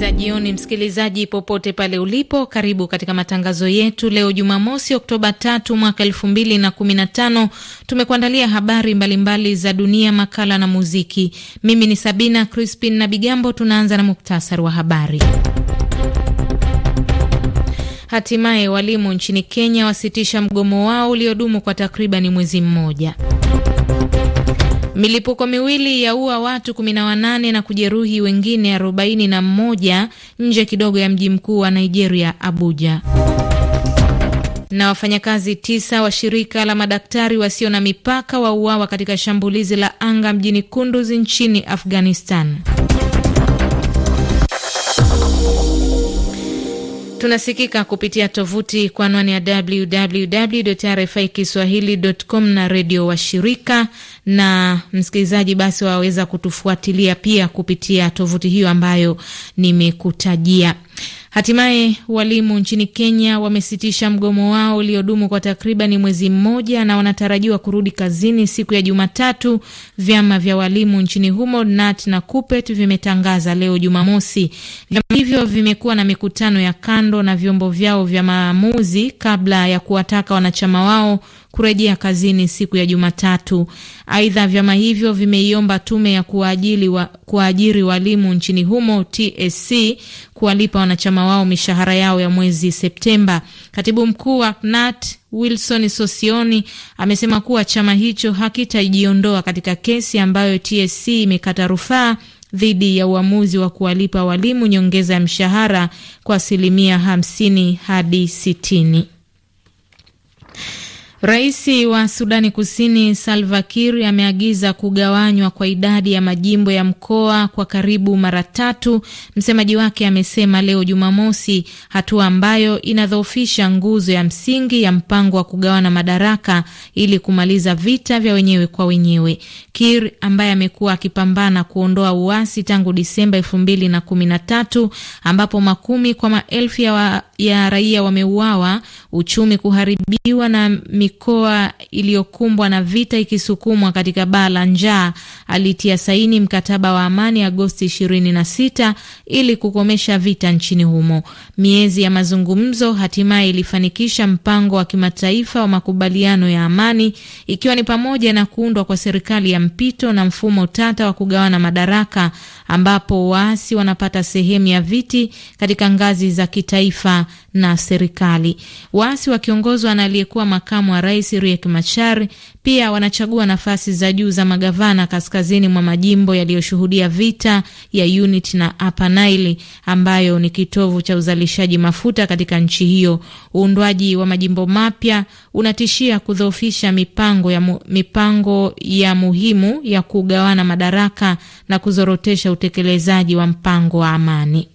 za jioni, msikilizaji popote pale ulipo, karibu katika matangazo yetu leo Jumamosi Oktoba tatu mwaka elfu mbili na kumi na tano. Tumekuandalia habari mbalimbali mbali za dunia, makala na muziki. Mimi ni Sabina Crispin na Bigambo. Tunaanza na muktasari wa habari. Hatimaye walimu nchini Kenya wasitisha mgomo wao uliodumu kwa takribani mwezi mmoja. Milipuko miwili yaua watu 18 na kujeruhi wengine 41 nje kidogo ya mji mkuu wa Nigeria, Abuja. Na wafanyakazi tisa wa shirika la madaktari wasio na mipaka wauawa katika shambulizi la anga mjini Kunduz nchini Afghanistan. Tunasikika kupitia tovuti kwa anwani ya www RFI kiswahilicom na redio wa shirika na msikilizaji, basi waweza kutufuatilia pia kupitia tovuti hiyo ambayo nimekutajia. Hatimaye walimu nchini Kenya wamesitisha mgomo wao uliodumu kwa takribani mwezi mmoja na wanatarajiwa kurudi kazini siku ya Jumatatu. Vyama vya walimu nchini humo NAT na KUPET vimetangaza leo Jumamosi. Vyama hivyo vimekuwa na mikutano ya kando na vyombo vyao vya maamuzi kabla ya kuwataka wanachama wao kurejea kazini siku ya Jumatatu. Aidha, vyama hivyo vimeiomba tume ya kuajiri wa, kuajiri walimu nchini humo TSC kuwalipa wanachama wao mishahara yao ya mwezi Septemba. Katibu mkuu wa KNUT Wilson Sosioni amesema kuwa chama hicho hakitajiondoa katika kesi ambayo TSC imekata rufaa dhidi ya uamuzi wa kuwalipa walimu nyongeza ya mshahara kwa asilimia hamsini hadi sitini. Rais wa Sudani Kusini Salva Kiir ameagiza kugawanywa kwa idadi ya majimbo ya mkoa kwa karibu mara tatu, msemaji wake amesema leo Jumamosi, hatua ambayo inadhoofisha nguzo ya msingi ya mpango wa kugawana madaraka ili kumaliza vita vya wenyewe kwa wenyewe. Kiir ambaye amekuwa akipambana kuondoa uasi tangu Disemba elfu mbili na kumi na tatu ambapo makumi kwa maelfu ya, ya raia wameuawa, uchumi kuharibiwa na mikoa iliyokumbwa na vita ikisukumwa katika baa la njaa alitia saini mkataba wa amani Agosti 26 ili kukomesha vita nchini humo. Miezi ya mazungumzo hatimaye ilifanikisha mpango wa kimataifa wa makubaliano ya amani, ikiwa ni pamoja na kuundwa kwa serikali ya mpito na mfumo tata wa kugawana madaraka ambapo waasi wanapata sehemu ya viti katika ngazi za kitaifa na serikali. Waasi wakiongozwa na aliyekuwa makamu wa rais Riek Machar pia wanachagua nafasi za juu za magavana kaskazini mwa majimbo yaliyoshuhudia vita ya unit na Upper Nile ambayo ni kitovu cha uzalishaji mafuta katika nchi hiyo. Uundwaji wa majimbo mapya unatishia kudhoofisha mipango ya, mu, mipango ya muhimu ya kugawana madaraka na kuzorotesha utekelezaji wa mpango wa amani.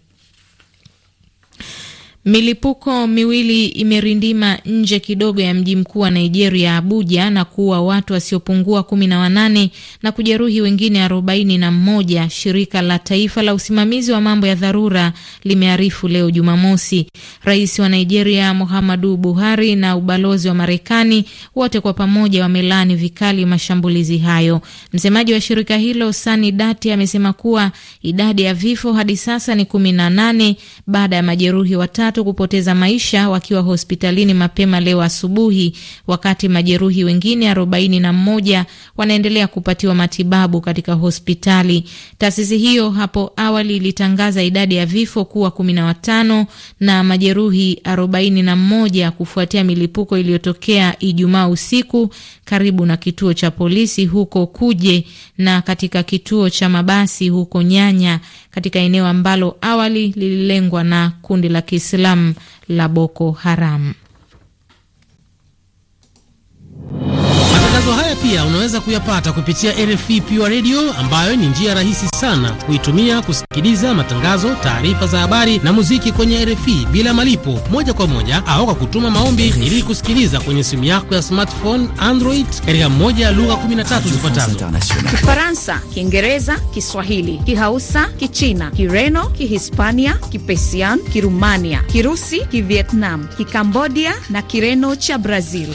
Milipuko miwili imerindima nje kidogo ya mji mkuu wa Nigeria, Abuja, na kuua watu wasiopungua kumi na wanane na kujeruhi wengine arobaini na mmoja, shirika la taifa la usimamizi wa mambo ya dharura limearifu leo Jumamosi. Rais wa Nigeria Muhammadu Buhari na ubalozi wa Marekani wote kwa pamoja wamelaani vikali mashambulizi hayo. Msemaji wa shirika hilo Sani Dati amesema kuwa idadi ya vifo hadi sasa ni kumi na nane baada ya majeruhi watatu watatu kupoteza maisha wakiwa hospitalini mapema leo asubuhi, wakati majeruhi wengine 41 wanaendelea kupatiwa matibabu katika hospitali. Taasisi hiyo hapo awali ilitangaza idadi ya vifo kuwa 15 na majeruhi 41 kufuatia milipuko iliyotokea Ijumaa usiku karibu na kituo cha polisi huko Kuje na katika kituo cha mabasi huko Nyanya katika eneo ambalo awali lililengwa na kundi la Kiislamu la Boko Haram. Matangazo haya pia unaweza kuyapata kupitia RFI Pure Radio ambayo ni njia rahisi sana kuitumia kusikiliza matangazo, taarifa za habari na muziki kwenye RFI bila malipo, moja kwa moja au kwa kutuma maombi ili kusikiliza kwenye simu yako ya smartphone Android katika moja ya lugha 13 zifuatazo: Kifaransa, Kiingereza, Kiswahili, Kihausa, Kichina, Kireno, Kihispania, Kipesian, Kirumania, Kirusi, Kivietnam, Kikambodia na Kireno cha Brazil.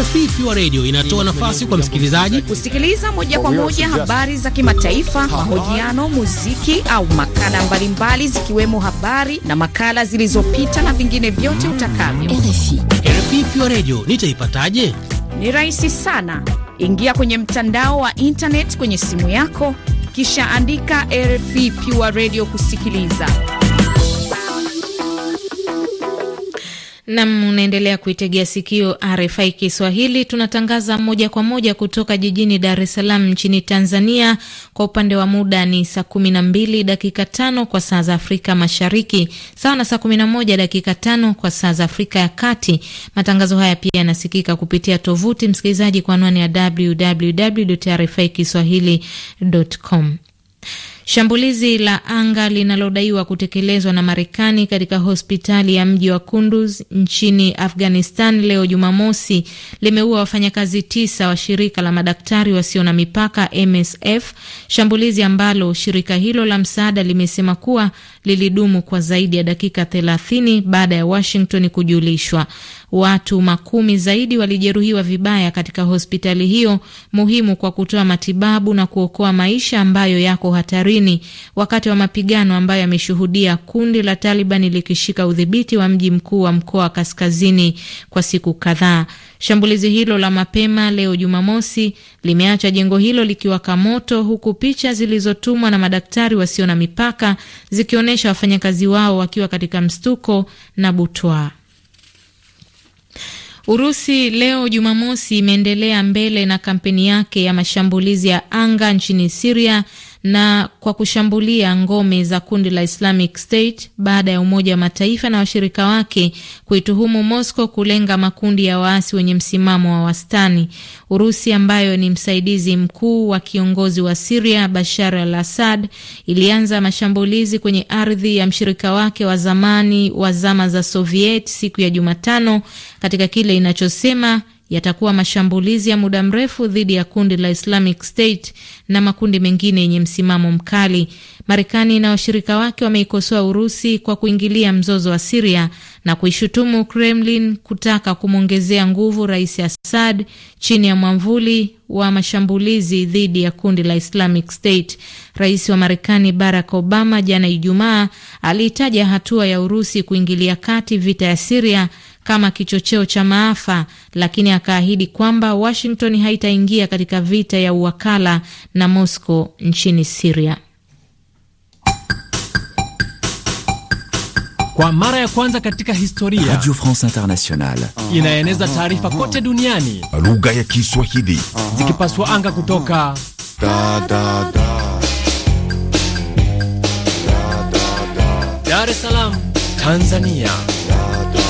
RFI Pure Radio inatoa nafasi kwa msikilizaji kusikiliza moja kwa moja habari za kimataifa, mahojiano, muziki au makala mbalimbali, zikiwemo habari na makala zilizopita na vingine vyote utakavyo. RFI RFI Pure Radio nitaipataje? Ni rahisi sana, ingia kwenye mtandao wa internet kwenye simu yako, kisha andika RFI Pure Radio kusikiliza Nam, unaendelea kuitegea sikio RFI Kiswahili. Tunatangaza moja kwa moja kutoka jijini Dar es Salaam nchini Tanzania. Kwa upande wa muda ni saa kumi na mbili dakika tano kwa saa za Afrika Mashariki, sawa na saa kumi na moja dakika tano kwa saa za Afrika ya Kati. Matangazo haya pia yanasikika kupitia tovuti msikilizaji, kwa anwani ya www RFI kiswahili com Shambulizi la anga linalodaiwa kutekelezwa na Marekani katika hospitali ya mji wa Kunduz nchini Afghanistan leo Jumamosi limeua wafanyakazi tisa wa shirika la madaktari wasio na mipaka MSF, shambulizi ambalo shirika hilo la msaada limesema kuwa lilidumu kwa zaidi ya dakika 30 baada ya Washington kujulishwa. Watu makumi zaidi walijeruhiwa vibaya katika hospitali hiyo muhimu kwa kutoa matibabu na kuokoa maisha ambayo yako hatarini wakati wa mapigano ambayo yameshuhudia kundi la Talibani likishika udhibiti wa mji mkuu wa mkoa wa kaskazini kwa siku kadhaa. Shambulizi hilo la mapema leo Jumamosi limeacha jengo hilo likiwaka moto huku picha zilizotumwa na madaktari wasio na mipaka zikionyesha wafanyakazi wao wakiwa katika mstuko na butwaa. Urusi leo Jumamosi imeendelea mbele na kampeni yake ya mashambulizi ya anga nchini Siria na kwa kushambulia ngome za kundi la Islamic State baada ya Umoja wa Mataifa na washirika wake kuituhumu Moscow kulenga makundi ya waasi wenye msimamo wa wastani. Urusi ambayo ni msaidizi mkuu wa kiongozi wa Siria Bashar al Assad ilianza mashambulizi kwenye ardhi ya mshirika wake wa zamani wa zama za Soviet siku ya Jumatano katika kile inachosema yatakuwa mashambulizi ya muda mrefu dhidi ya kundi la Islamic State na makundi mengine yenye msimamo mkali. Marekani na washirika wake wameikosoa Urusi kwa kuingilia mzozo wa Siria na kuishutumu Kremlin kutaka kumwongezea nguvu Rais Assad chini ya mwamvuli wa mashambulizi dhidi ya kundi la Islamic State. Rais wa Marekani Barack Obama jana Ijumaa aliitaja hatua ya Urusi kuingilia kati vita ya Siria kama kichocheo cha maafa, lakini akaahidi kwamba Washington haitaingia katika vita ya uwakala na Moscow nchini Siria. Kwa mara ya kwanza katika historia, Radio France Internationale inaeneza taarifa kote duniani lugha ya Kiswahili zikipaswa anga kutoka da, da, da. Dar es Salaam, Tanzania. Da, da.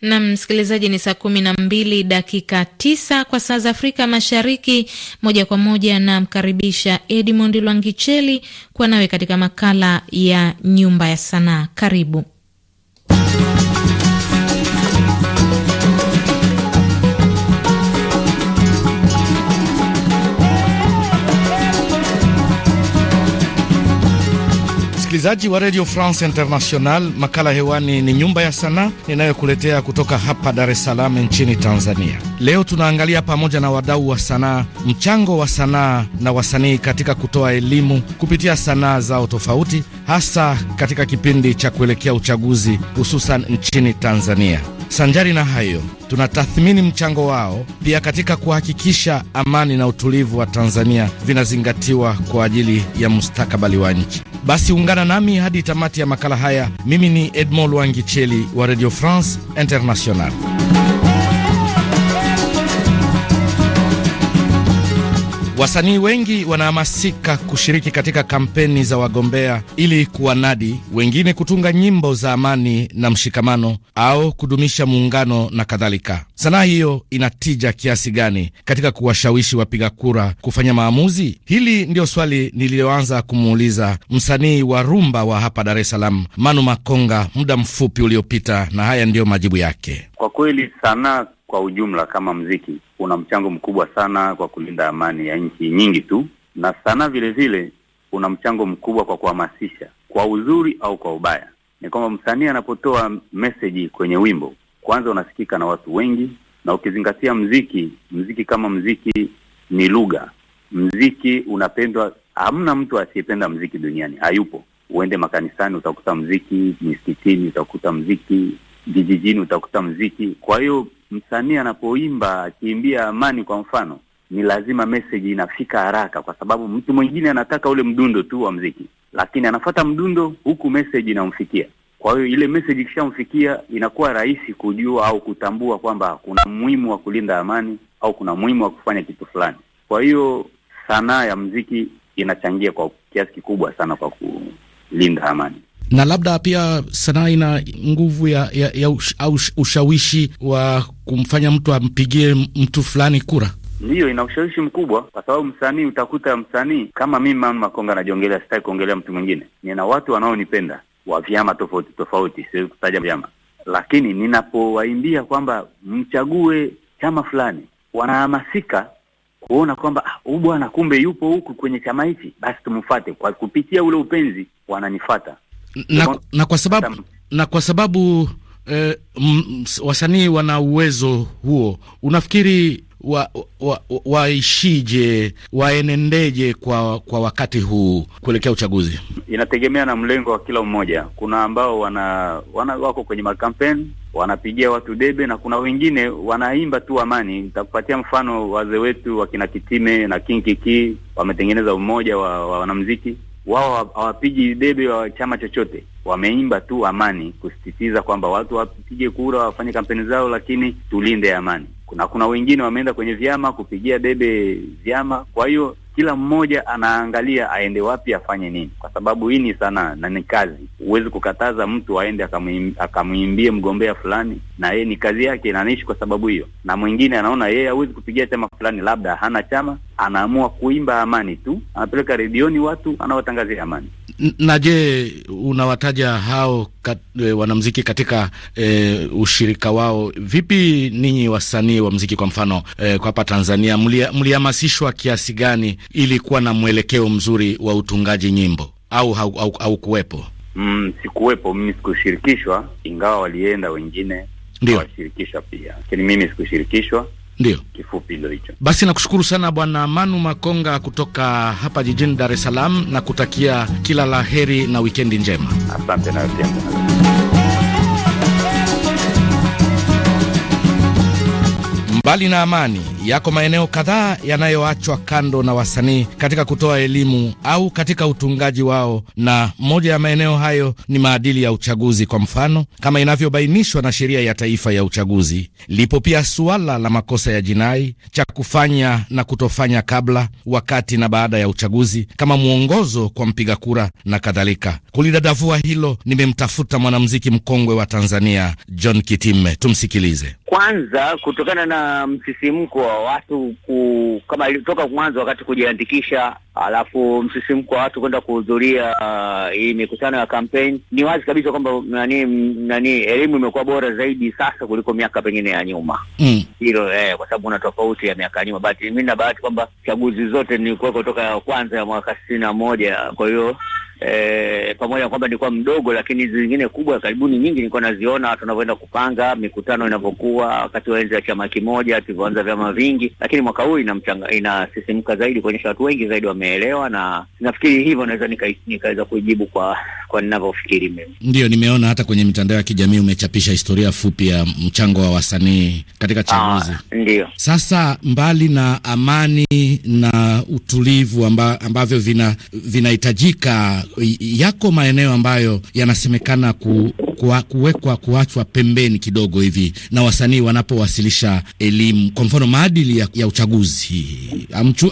Na msikilizaji, ni saa kumi na mbili dakika tisa kwa saa za Afrika Mashariki. Moja kwa moja namkaribisha Edmond Lwangicheli kuwa nawe katika makala ya Nyumba ya Sanaa. Karibu. msikilizaji wa Radio France International. Makala hewani ni Nyumba ya Sanaa inayokuletea kutoka hapa Dar es Salaam nchini Tanzania. Leo tunaangalia pamoja na wadau wa sanaa mchango wa sanaa na wasanii katika kutoa elimu kupitia sanaa zao tofauti, hasa katika kipindi cha kuelekea uchaguzi, hususan nchini Tanzania. Sanjari na hayo, tunatathmini mchango wao pia katika kuhakikisha amani na utulivu wa Tanzania vinazingatiwa kwa ajili ya mustakabali wa nchi. Basi ungana nami hadi tamati ya makala haya. Mimi ni Edmond Lwangicheli wa Radio France International. Wasanii wengi wanahamasika kushiriki katika kampeni za wagombea ili kuwanadi wengine, kutunga nyimbo za amani na mshikamano au kudumisha muungano na kadhalika. Sanaa hiyo ina tija kiasi gani katika kuwashawishi wapiga kura kufanya maamuzi? Hili ndiyo swali nililoanza kumuuliza msanii wa rumba wa hapa Dar es Salaam Manu Makonga muda mfupi uliopita, na haya ndiyo majibu yake. Kwa kweli sanaa kwa ujumla kama mziki una mchango mkubwa sana kwa kulinda amani ya nchi nyingi tu, na sanaa vile vile una mchango mkubwa kwa kuhamasisha, kwa uzuri au kwa ubaya. Ni kwamba msanii anapotoa meseji kwenye wimbo, kwanza unasikika na watu wengi, na ukizingatia mziki, mziki kama mziki ni lugha, mziki unapendwa. Hamna mtu asiyependa mziki duniani, hayupo. Uende makanisani utakuta mziki, misikitini utakuta mziki, vijijini utakuta mziki. Kwa hiyo msanii anapoimba akiimbia amani kwa mfano, ni lazima message inafika haraka, kwa sababu mtu mwingine anataka ule mdundo tu wa mziki, lakini anafata mdundo huku message inamfikia. Kwa hiyo ile message ikishamfikia inakuwa rahisi kujua au kutambua kwamba kuna muhimu wa kulinda amani au kuna muhimu wa kufanya kitu fulani. Kwa hiyo sanaa ya mziki inachangia kwa kiasi kikubwa sana kwa kulinda amani na labda pia sanaa ina nguvu ya, ya, ya ush, ush, ushawishi wa kumfanya mtu ampigie mtu fulani kura. Ndiyo, ina ushawishi mkubwa, kwa sababu msanii, utakuta msanii kama mimi Mama Makonga anajiongelea, sitaki kuongelea mtu mwingine, nina watu wanaonipenda wa vyama tofauti tofauti, siwezi kutaja vyama, lakini ninapowaimbia kwamba mchague chama fulani, wanahamasika kuona kwamba ah, huyu ah, bwana kumbe yupo huku kwenye chama hichi, basi tumfate Kwa kupitia ule upenzi, wananifata na, na kwa sababu, na kwa sababu eh, wasanii wana uwezo huo, unafikiri waishije wa, wa waenendeje kwa kwa wakati huu kuelekea uchaguzi? Inategemea na mlengo wa kila mmoja. Kuna ambao wana, wana wako kwenye makampeni wanapigia watu debe na kuna wengine wanaimba tu amani. Nitakupatia mfano, wazee wetu wakina Kitime na King Kiki wametengeneza umoja wa, wa wao hawapigi debe wa chama chochote, wameimba tu amani, kusisitiza kwamba watu wapige kura, wafanye kampeni zao, lakini tulinde amani. Kuna kuna wengine wameenda kwenye vyama kupigia debe vyama. Kwa hiyo kila mmoja anaangalia aende wapi afanye nini, kwa sababu hii ni sanaa na ni kazi. Huwezi kukataza mtu aende akamwimbie mgombea fulani na yeye ni kazi yake na anaishi kwa sababu hiyo, na mwingine anaona yeye hawezi kupigia chama fulani, labda hana chama, anaamua kuimba amani tu, anapeleka redioni watu anawatangazia amani. Na je, unawataja hao kat, e, wanamziki katika e, ushirika wao vipi? Ninyi wasanii wa mziki kwa mfano e, kwa hapa Tanzania mlihamasishwa kiasi gani ili kuwa na mwelekeo mzuri wa utungaji nyimbo au au, au, au kuwepo? Mm, sikuwepo mimi, sikushirikishwa, ingawa walienda wengine ndio kuwashirikishwa pia, lakini mimi sikushirikishwa. Ndio, kifupi hilo hicho. Basi nakushukuru sana Bwana Manu Makonga kutoka hapa jijini Dar es Salaam na kutakia kila la heri na wikendi njema. Asante na Mbali na amani, yako maeneo kadhaa yanayoachwa kando na wasanii katika kutoa elimu au katika utungaji wao, na moja ya maeneo hayo ni maadili ya uchaguzi. Kwa mfano, kama inavyobainishwa na sheria ya taifa ya uchaguzi, lipo pia suala la makosa ya jinai, cha kufanya na kutofanya kabla, wakati na baada ya uchaguzi, kama mwongozo kwa mpiga kura na kadhalika. Kulidadavua hilo, nimemtafuta mwanamuziki mkongwe wa Tanzania John Kitime, tumsikilize. Kwanza kutokana na msisimko wa watu ku, kama ilitoka mwanzo wakati kujiandikisha, alafu msisimko wa watu kwenda kuhudhuria uh, hii mikutano ya kampeni, ni wazi kabisa kwamba nani nani elimu imekuwa bora zaidi sasa kuliko miaka pengine ya nyuma mm. hilo mm. Eh, kwa sababu kuna tofauti ya miaka ya nyuma. Bahati mimi na bahati kwamba chaguzi zote nilikuwa kutoka ya kwanza ya mwaka sitini na moja, kwa hiyo e, pamoja na kwamba nilikuwa mdogo, lakini hizi zingine kubwa karibuni nyingi nilikuwa naziona tunavyoenda kupanga mikutano inavyokuwa wakati wa enzi ya chama kimoja tulivyoanza vyama vingi, lakini mwaka huu inamchanga inasisimka zaidi kuonyesha watu wengi zaidi wameelewa, na nafikiri hivyo naweza nikaweza kujibu kwa kwa ninavyofikiri mimi. Ndio nimeona hata kwenye mitandao ya kijamii umechapisha historia fupi ya mchango wa wasanii katika chaguzi. Ah, Ndio sasa, mbali na amani na utulivu amba, ambavyo vinahitajika yako maeneo ambayo yanasemekana ku, kuwekwa kuachwa pembeni kidogo hivi na wasanii wanapowasilisha elimu, kwa mfano maadili ya, ya uchaguzi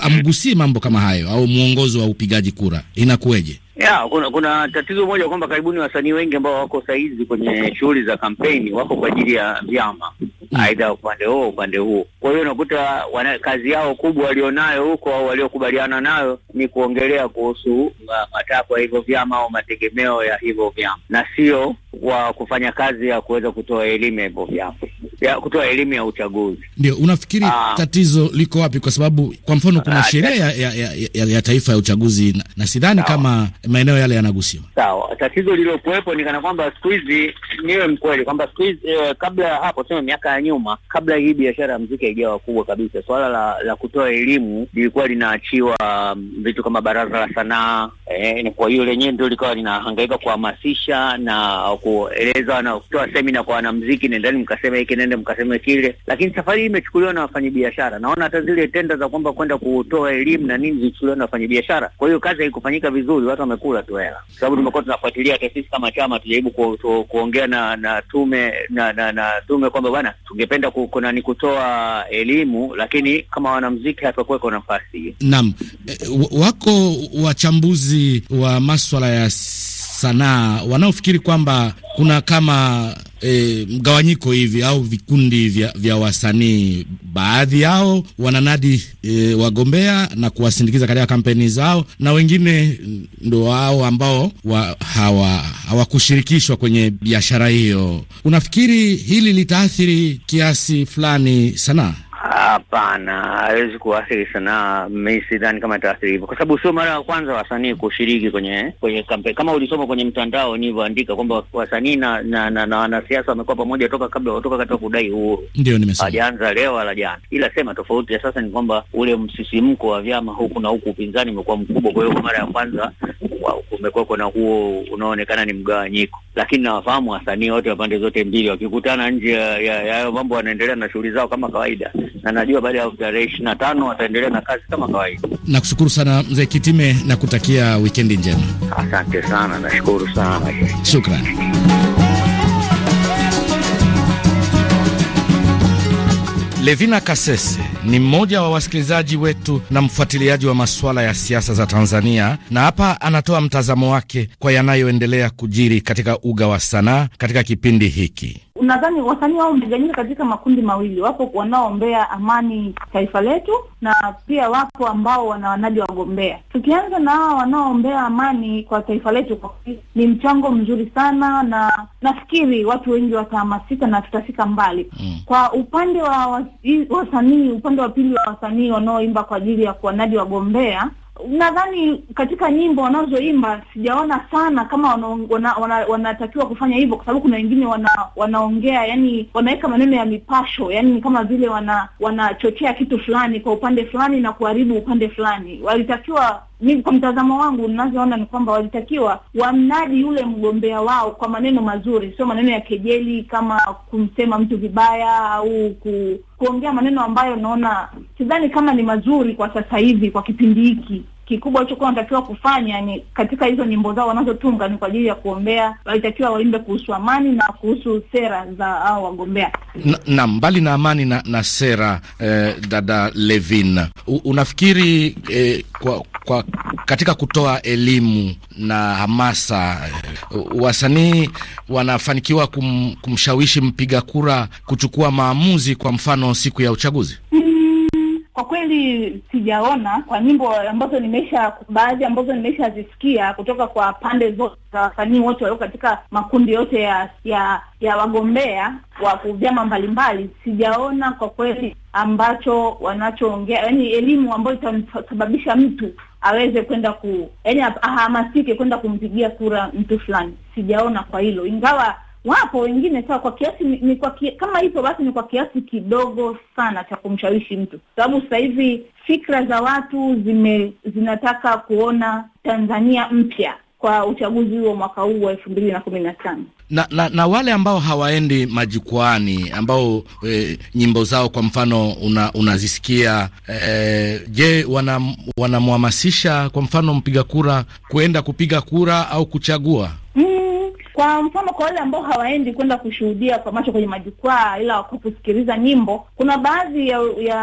amgusii mambo kama hayo, au mwongozo wa upigaji kura inakuweje? ya kuna, kuna tatizo moja kwamba karibuni wasanii wengi ambao wako saizi kwenye shughuli za kampeni wako kwa ajili ya vyama mm. Aidha upande huo upande huo. Kwa hiyo unakuta kazi yao kubwa walionayo huko au waliokubaliana nayo ni kuongelea kuhusu uh, matakwa ya hivyo vyama au mategemeo ya hivyo vyama, na sio wa kufanya kazi ya kuweza kutoa elimu ya hivyo vyama ya kutoa elimu ya uchaguzi. Ndio, unafikiri aa, ah. tatizo liko wapi? Kwa sababu kwa mfano kuna ah, sheria ya, ya, ya, ya taifa ya uchaguzi na, na sidhani kama maeneo yale yanagusiwa. Sawa, tatizo lililokuwepo ni kana kwamba siku hizi, niwe mkweli kwamba siku hizi eh, kabla ya hapo sema miaka ya nyuma, kabla hii biashara ya muziki haijawa kubwa kabisa, swala la, la kutoa elimu lilikuwa linaachiwa um, vitu kama baraza la sanaa eh, kwa hiyo lenyewe ndio likawa linahangaika kuhamasisha na kueleza na kutoa semina kwa wanamziki nendani mkasema hiki nende mkaseme kile, lakini safari hii imechukuliwa na wafanyabiashara. Naona hata zile tenda za kwamba kwenda kutoa elimu na nini zilichukuliwa na wafanyabiashara. Kwa hiyo kazi haikufanyika vizuri, watu wamekula tu hela, kwa sababu tumekuwa tunafuatilia. Hata sisi kama chama tujaribu ku, ku, kuongea na na tume na na, na tume kwamba bwana, tungependa ku, kuna ni kutoa elimu, lakini kama wanamziki hatukuweko nafasi. Naam, eh, wako wachambuzi wa maswala ya sanaa wanaofikiri kwamba kuna kama e, mgawanyiko hivi au vikundi vya, vya wasanii. Baadhi yao wananadi e, wagombea na kuwasindikiza katika kampeni zao, na wengine ndo wao ambao wa, hawakushirikishwa hawa kwenye biashara hiyo. Unafikiri hili litaathiri kiasi fulani sanaa? Hapana, hawezi kuathiri sanaa. Mi sidhani kama itaathiri hivyo, kwa sababu sio mara ya kwanza wasanii kushiriki kwenye kwenye kampeni. Kama ulisoma kwenye mtandao nilivyoandika kwamba wasanii na na na wanasiasa wamekuwa pamoja toka kabla watoka katika kudai uhuru, ndio nimesema, hajaanza leo wala jana, ila sema tofauti ya sasa ni kwamba ule msisimko wa vyama huku na huku, upinzani umekuwa mkubwa. Kwa hiyo kwa mara ya kwanza kumekuwa kuna huo unaoonekana ni mgawanyiko, lakini nawafahamu wasanii wote wa pande zote mbili, wakikutana nje ya hayo mambo wanaendelea na shughuli zao kama kawaida, na najua baada ya tarehe ishirini na tano wataendelea na kazi kama kawaida. Nakushukuru sana mzee Kitime na kutakia wikendi njema. Asante sana, nashukuru sana, shukrani. Levina Kasese ni mmoja wa wasikilizaji wetu na mfuatiliaji wa masuala ya siasa za Tanzania, na hapa anatoa mtazamo wake kwa yanayoendelea kujiri katika uga wa sanaa katika kipindi hiki. Nadhani wasanii wao wamegawanyika katika makundi mawili, wapo wanaoombea amani taifa letu na pia wapo ambao wana wanadi wagombea. Tukianza na hawa wanaoombea amani kwa taifa letu, ni mchango mzuri sana, na nafikiri watu wengi watahamasika na tutafika mbali mm. Kwa upande wa wasanii, upande wa pili wa wasanii wanaoimba kwa ajili ya kuwanaji wagombea nadhani katika nyimbo wanazoimba sijaona sana kama wanatakiwa wana, wana, wana kufanya hivyo, kwa sababu kuna wengine wana, wanaongea yani wanaweka maneno ya mipasho yani ni kama vile wana wanachochea kitu fulani kwa upande fulani na kuharibu upande fulani. Walitakiwa mimi kwa mtazamo wangu ninavyoona ni kwamba walitakiwa wamnadi yule mgombea wao kwa maneno mazuri, sio maneno ya kejeli kama kumsema mtu vibaya au ku, kuongea maneno ambayo naona sidhani kama ni mazuri kwa sasa hivi kwa kipindi hiki kikubwa alichokuwa wanatakiwa kufanya ni katika hizo nyimbo zao wanazotunga ni kwa ajili ya kuombea, walitakiwa waimbe kuhusu amani na kuhusu sera za hao wagombea. Na, na mbali na amani na, na sera eh, dada Levin, unafikiri eh, kwa, kwa katika kutoa elimu na hamasa, eh, wasanii wanafanikiwa kum, kumshawishi mpiga kura kuchukua maamuzi, kwa mfano siku ya uchaguzi? Mm, kwa kweli sijaona kwa nyimbo ambazo nimesha baadhi ambazo nimeshazisikia kutoka kwa pande zote za wasanii wote walio katika makundi yote ya ya, ya wagombea wa vyama mbalimbali, sijaona kwa kweli ambacho wanachoongea, yaani elimu ambayo itamsababisha mtu aweze kwenda ku yani ahamasike kwenda kumpigia kura mtu fulani. Sijaona kwa hilo, ingawa wapo wengine sawa, kwa kiasi ni kwa kia, kama hivyo basi ni kwa kiasi kidogo sana cha kumshawishi mtu, sababu sasa hivi fikra za watu zime- zinataka kuona Tanzania mpya kwa uchaguzi huo mwaka huu wa elfu mbili na kumi na tano. Na, na, na wale ambao hawaendi majukwani ambao e, nyimbo zao kwa mfano una, unazisikia e, e je, wanamhamasisha wana kwa mfano mpiga kura kuenda kupiga kura au kuchagua? Mm, kwa mfano kwa wale ambao hawaendi kwenda kushuhudia kwa macho kwenye majukwaa ila wakusikiliza nyimbo, kuna baadhi ya, ya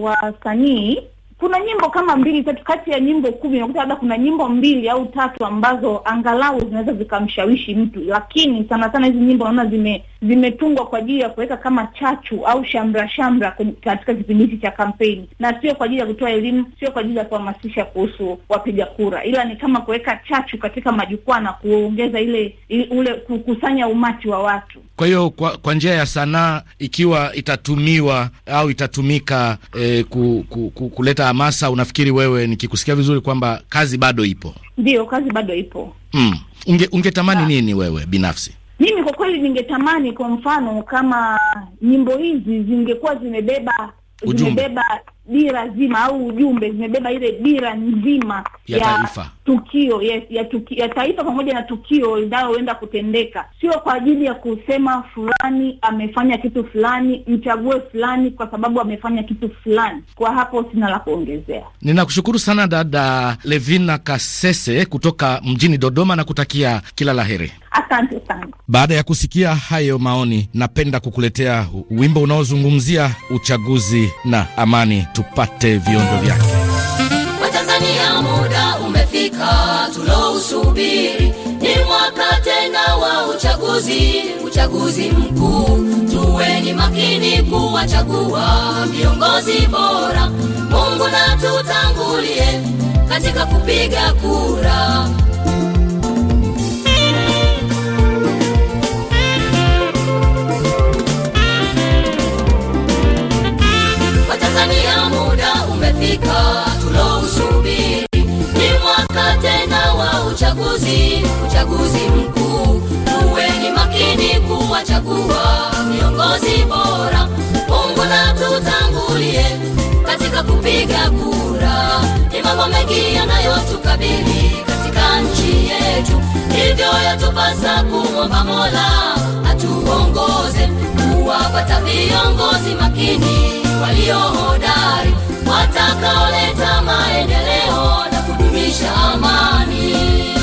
wasanii kuna nyimbo kama mbili tatu kati ya nyimbo kumi, unakuta labda kuna nyimbo mbili au tatu ambazo angalau zinaweza zikamshawishi mtu, lakini sana sana hizi nyimbo naona zime zimetungwa kwa ajili ya kuweka kama chachu au shamra shamra katika kipindi hiki cha kampeni, na sio kwa ajili ya kutoa elimu, sio kwa ajili ya kuhamasisha kuhusu wapiga kura, ila ni kama kuweka chachu katika majukwaa na kuongeza ile, ile ule kukusanya umati wa watu. Kwa hiyo kwa, kwa njia ya sanaa ikiwa itatumiwa au itatumika eh, ku, ku, ku, kuleta Masa, unafikiri wewe, nikikusikia vizuri, kwamba kazi bado ipo? Ndio, kazi bado ipo. Mm. Unge, ungetamani ah. nini wewe binafsi? Mimi kwa kweli ningetamani kwa mfano kama nyimbo hizi zingekuwa zimebeba zimebeba dira zima au ujumbe zimebeba ile dira nzima ya, ya taifa tukio yes, ya tuki, ya taifa pamoja na tukio linaloenda kutendeka, sio kwa ajili ya kusema fulani amefanya kitu fulani, mchague fulani kwa sababu amefanya kitu fulani. Kwa hapo sina la kuongezea. Ninakushukuru sana dada Levina Kasese kutoka mjini Dodoma na kutakia kila la heri. Asante sana. Baada ya kusikia hayo maoni, napenda kukuletea wimbo unaozungumzia uchaguzi na amani, tupate viondo vyake. Watanzania, muda umefika tulousubiri, ni mwaka tena wa uchaguzi, uchaguzi mkuu. Tuweni makini kuwachagua viongozi bora, Mungu na tutangulie katika kupiga kura umefika tulousubiri. Ni mwaka tena wa uchaguzi, uchaguzi mkuu. ni makini kuwachagua viongozi bora. Mungu na tutangulie katika kupiga kura. Ni mambo mengi yanayotukabili katika nchi yetu, hivyo yatupasa kumwomba Mola atuongoze kuwapata viongozi makini walio hodari watakaoleta maendeleo na kudumisha amani.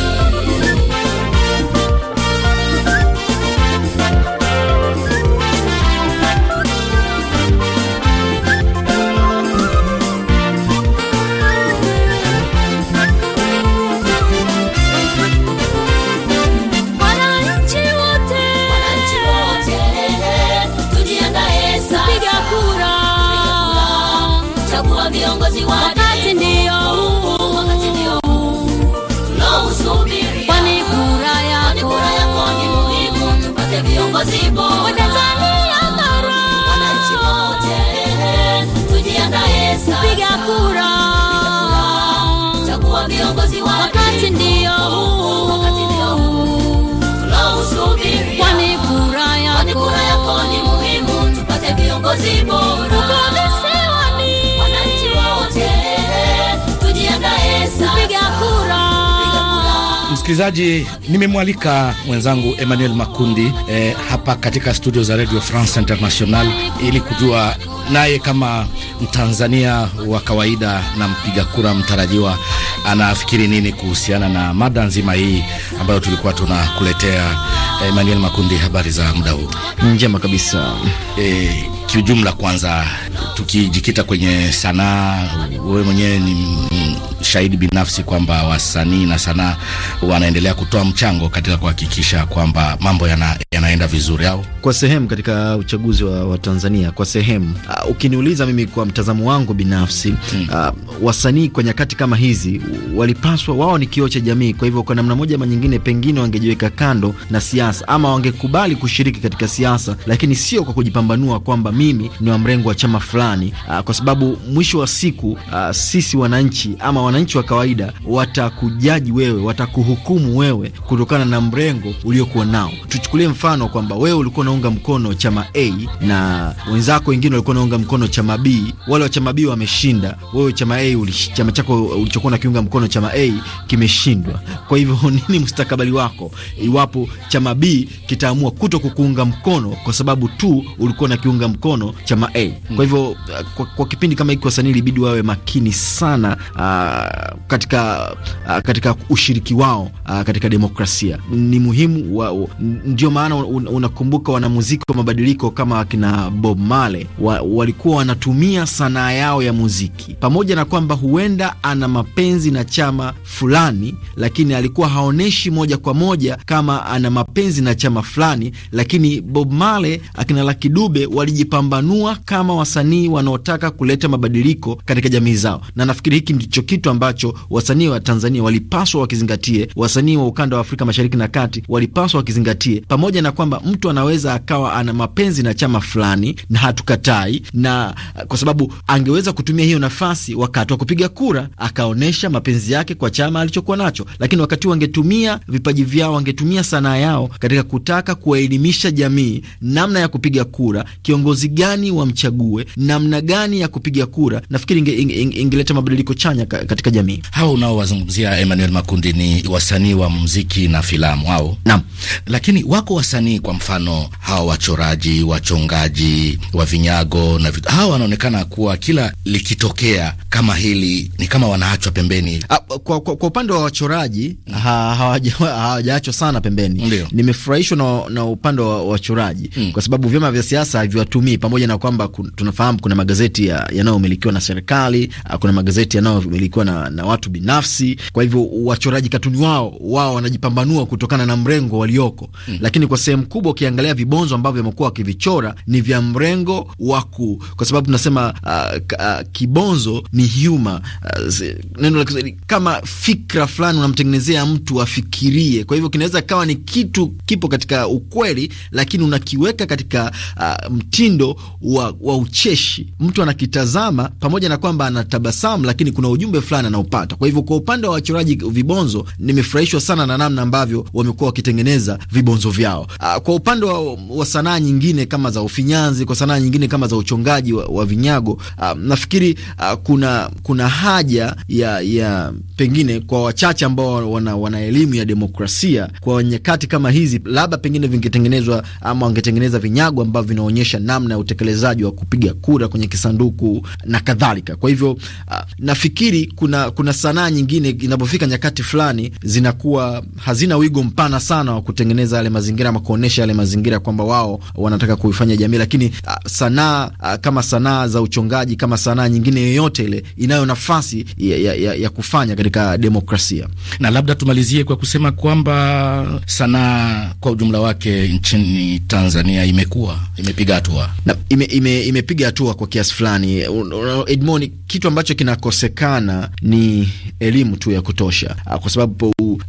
Msikilizaji, nimemwalika mwenzangu Emmanuel Makundi eh, hapa katika studio za Radio France International ili kujua naye kama Mtanzania wa kawaida na mpiga kura mtarajiwa anafikiri nini kuhusiana na mada nzima hii ambayo tulikuwa tunakuletea. Emmanuel Makundi, habari za muda huu? Njema kabisa. E, kiujumla, kwanza tukijikita kwenye sanaa, wewe mwenyewe ni shahidi binafsi kwamba wasanii na sanaa wanaendelea kutoa mchango katika kuhakikisha kwamba mambo yana yanaenda vizuri au kwa sehemu katika uchaguzi wa, wa Tanzania kwa sehemu. Uh, ukiniuliza mimi kwa mtazamo wangu binafsi hmm. uh, wasanii kwa nyakati kama hizi walipaswa, wao ni kioo cha jamii, kwa hivyo kwa namna moja ama nyingine, pengine wangejiweka kando na siasa ama wangekubali kushiriki katika siasa, lakini sio kwa kujipambanua kwamba mimi ni wa mrengo wa chama fulani, uh, kwa sababu mwisho wa siku uh, sisi wananchi ama wananchi wa kawaida watakujaji wewe, watakuhukumu wewe kutokana na mrengo uliokuwa nao. Tuchukulie mfano mfano kwamba wewe ulikuwa unaunga mkono chama A na wenzako wengine walikuwa naunga mkono chama B, wale wa chama B wameshinda, wewe chama A ulish, chama chako ulichokuwa unakiunga mkono chama A kimeshindwa. Kwa hivyo nini mustakabali wako iwapo chama B kitaamua kuto kukuunga mkono kwa sababu tu ulikuwa unakiunga mkono chama A? Kwa hivyo kwa, kwa kipindi kama hiki wasanii ilibidi wawe makini sana uh, katika uh, katika ushiriki wao uh, katika demokrasia ni muhimu wa, wa, ndio maana unakumbuka wanamuziki wa mabadiliko kama akina Bob Marley wa, walikuwa wanatumia sanaa yao ya muziki, pamoja na kwamba huenda ana mapenzi na chama fulani, lakini alikuwa haoneshi moja kwa moja kama ana mapenzi na chama fulani. Lakini Bob Marley, akina Lucky Dube walijipambanua kama wasanii wanaotaka kuleta mabadiliko katika jamii zao, na nafikiri hiki ndicho kitu ambacho wasanii wa Tanzania walipaswa wakizingatie, wasanii wa ukanda wa Afrika Mashariki na Kati walipaswa wakizingatie pamoja na na kwamba mtu anaweza akawa ana mapenzi na chama fulani, na hatukatai, na uh, kwa sababu angeweza kutumia hiyo nafasi wakati wa kupiga kura akaonyesha mapenzi yake kwa chama alichokuwa nacho, lakini wakati wangetumia vipaji vyao, wangetumia sanaa yao katika kutaka kuwaelimisha jamii namna ya kupiga kura, kiongozi gani wamchague, namna gani ya kupiga kura, nafikiri ingeleta inge, inge, mabadiliko chanya katika jamii. Hao unaowazungumzia Emmanuel Makundi ni wasanii wa muziki na filamu au? Naam, lakini wako wasanii wasanii kwa mfano hawa wachoraji, wachongaji wa vinyago na vitu, hawa wanaonekana kuwa kila likitokea kama hili ni kama wanaachwa pembeni. A, ah, kwa, kwa, kwa upande wa wachoraji hawajaachwa ha, sana pembeni. Nimefurahishwa na, na upande wa wachoraji mm, kwa sababu vyama vya siasa haviwatumii, pamoja na kwamba kun, tunafahamu kuna magazeti yanayomilikiwa ya na serikali, ah, kuna magazeti yanayomilikiwa na, na watu binafsi. Kwa hivyo wachoraji katuni wao wao wanajipambanua kutokana na mrengo walioko mm, lakini kwa sehemu kubwa ukiangalia vibonzo ambavyo vimekuwa wakivichora ni vya mrengo wa ku, kwa sababu tunasema uh, uh, kibonzo ni humor uh, neno la kama fikra fulani unamtengenezea mtu afikirie. Kwa hivyo kinaweza kawa ni kitu kipo katika ukweli, lakini unakiweka katika uh, mtindo wa, wa ucheshi. Mtu anakitazama pamoja na kwamba anatabasamu, lakini kuna ujumbe fulani anaopata. Kwa hivyo kwa upande wa wachoraji vibonzo, nimefurahishwa sana na namna ambavyo wamekuwa wakitengeneza vibonzo vyao. Ah, kwa upande wa, wa sanaa nyingine kama za ufinyanzi, kwa sanaa nyingine kama za uchongaji wa, wa vinyago a, ah, nafikiri a, ah, kuna kuna haja ya, ya pengine kwa wachache ambao wana, wana elimu ya demokrasia kwa nyakati kama hizi, labda pengine vingetengenezwa ama wangetengeneza vinyago ambavyo vinaonyesha namna ya utekelezaji wa kupiga kura kwenye kisanduku na kadhalika. Kwa hivyo a, nafikiri kuna kuna sanaa nyingine inapofika nyakati fulani zinakuwa hazina wigo mpana sana wa kutengeneza yale mazingira ama kuonesha yale mazingira kwamba wao wanataka kuifanya jamii, lakini ah, sanaa ah, kama sanaa za uchongaji, kama sanaa nyingine yoyote ile, inayo nafasi ya, ya, ya, ya kufanya katika demokrasia. Na labda tumalizie kwa kusema kwamba sanaa kwa ujumla wake nchini Tanzania imekuwa imepiga hatua na ime, ime, imepiga hatua kwa kiasi fulani. Edmond, kitu ambacho kinakosekana ni elimu tu ya kutosha, ah, kwa sababu uh,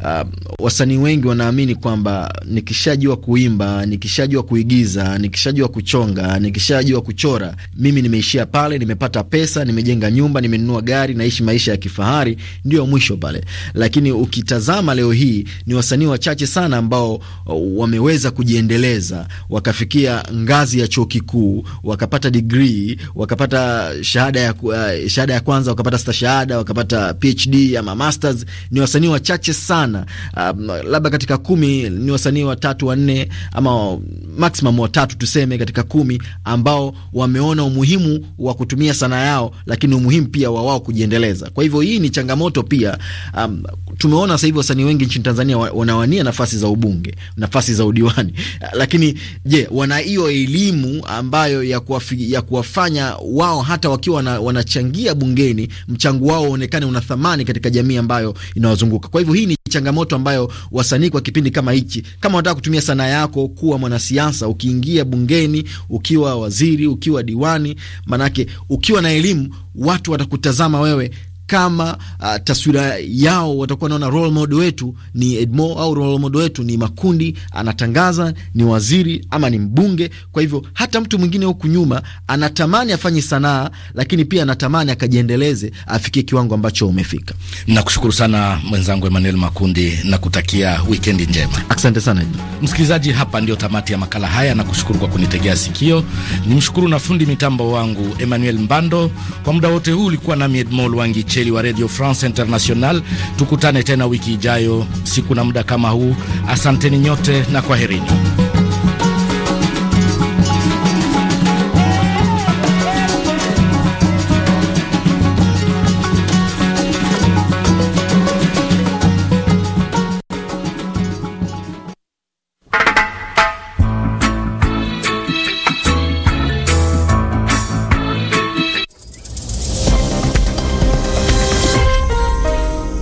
wasanii wengi wanaamini kwamba nikishajua kuimba, nikishajua kuigiza, nikishajua kuchonga, nikishajua kuchora, mimi nimeishia pale, nimepata pesa, nimejenga nyumba, nimenunua gari, naishi maisha ya kifahari, ndio mwisho pale. Lakini ukitazama leo hii ni wasanii wachache sana ambao uh, wameweza kujiendeleza wakafikia ngazi ya chuo kikuu, wakapata degree, wakapata shahada ya, uh, shahada ya kwanza, wakapata stashahada, wakapata PhD ama masters. Ni wasanii wachache sana, uh, labda katika kumi ni wasanii watatu wanne wanne ama maximum watatu tuseme katika kumi ambao wameona umuhimu wa kutumia sanaa yao, lakini umuhimu pia wa wao kujiendeleza. Kwa hivyo hii ni changamoto pia. Um, tumeona sasa hivi wasanii wengi nchini Tanzania wanawania nafasi za ubunge, nafasi za udiwani, lakini je, wana hiyo elimu ambayo ya, kuwafi, ya kuwafanya wao hata wakiwa wana, wanachangia bungeni mchango wao uonekane una thamani katika jamii ambayo inawazunguka. Kwa hivyo hii ni changamoto ambayo wasanii kwa kipindi kama hichi, kama unataka kutumia sanaa yako kuwa mwanasiasa, ukiingia bungeni, ukiwa waziri, ukiwa diwani, manake ukiwa na elimu, watu watakutazama wewe kama uh, taswira yao watakuwa naona role model wetu ni Edmo au role model wetu ni Makundi, anatangaza ni waziri ama ni mbunge. Kwa hivyo hata mtu mwingine huku nyuma anatamani afanye sanaa, lakini pia anatamani akajiendeleze, afikie kiwango ambacho umefika. Nakushukuru sana mwenzangu Emmanuel Makundi na kutakia wikendi njema. Asante sana msikilizaji. Hapa ndio tamati ya makala haya, nakushukuru kwa kunitegea sikio. Nimshukuru na fundi mitambo wangu Emmanuel Mbando kwa muda wote huu, ulikuwa nami Edmo Lwangiche. Kiswahili wa Radio France International. Tukutane tena wiki ijayo, siku na muda kama huu. Asanteni nyote na kwaherini.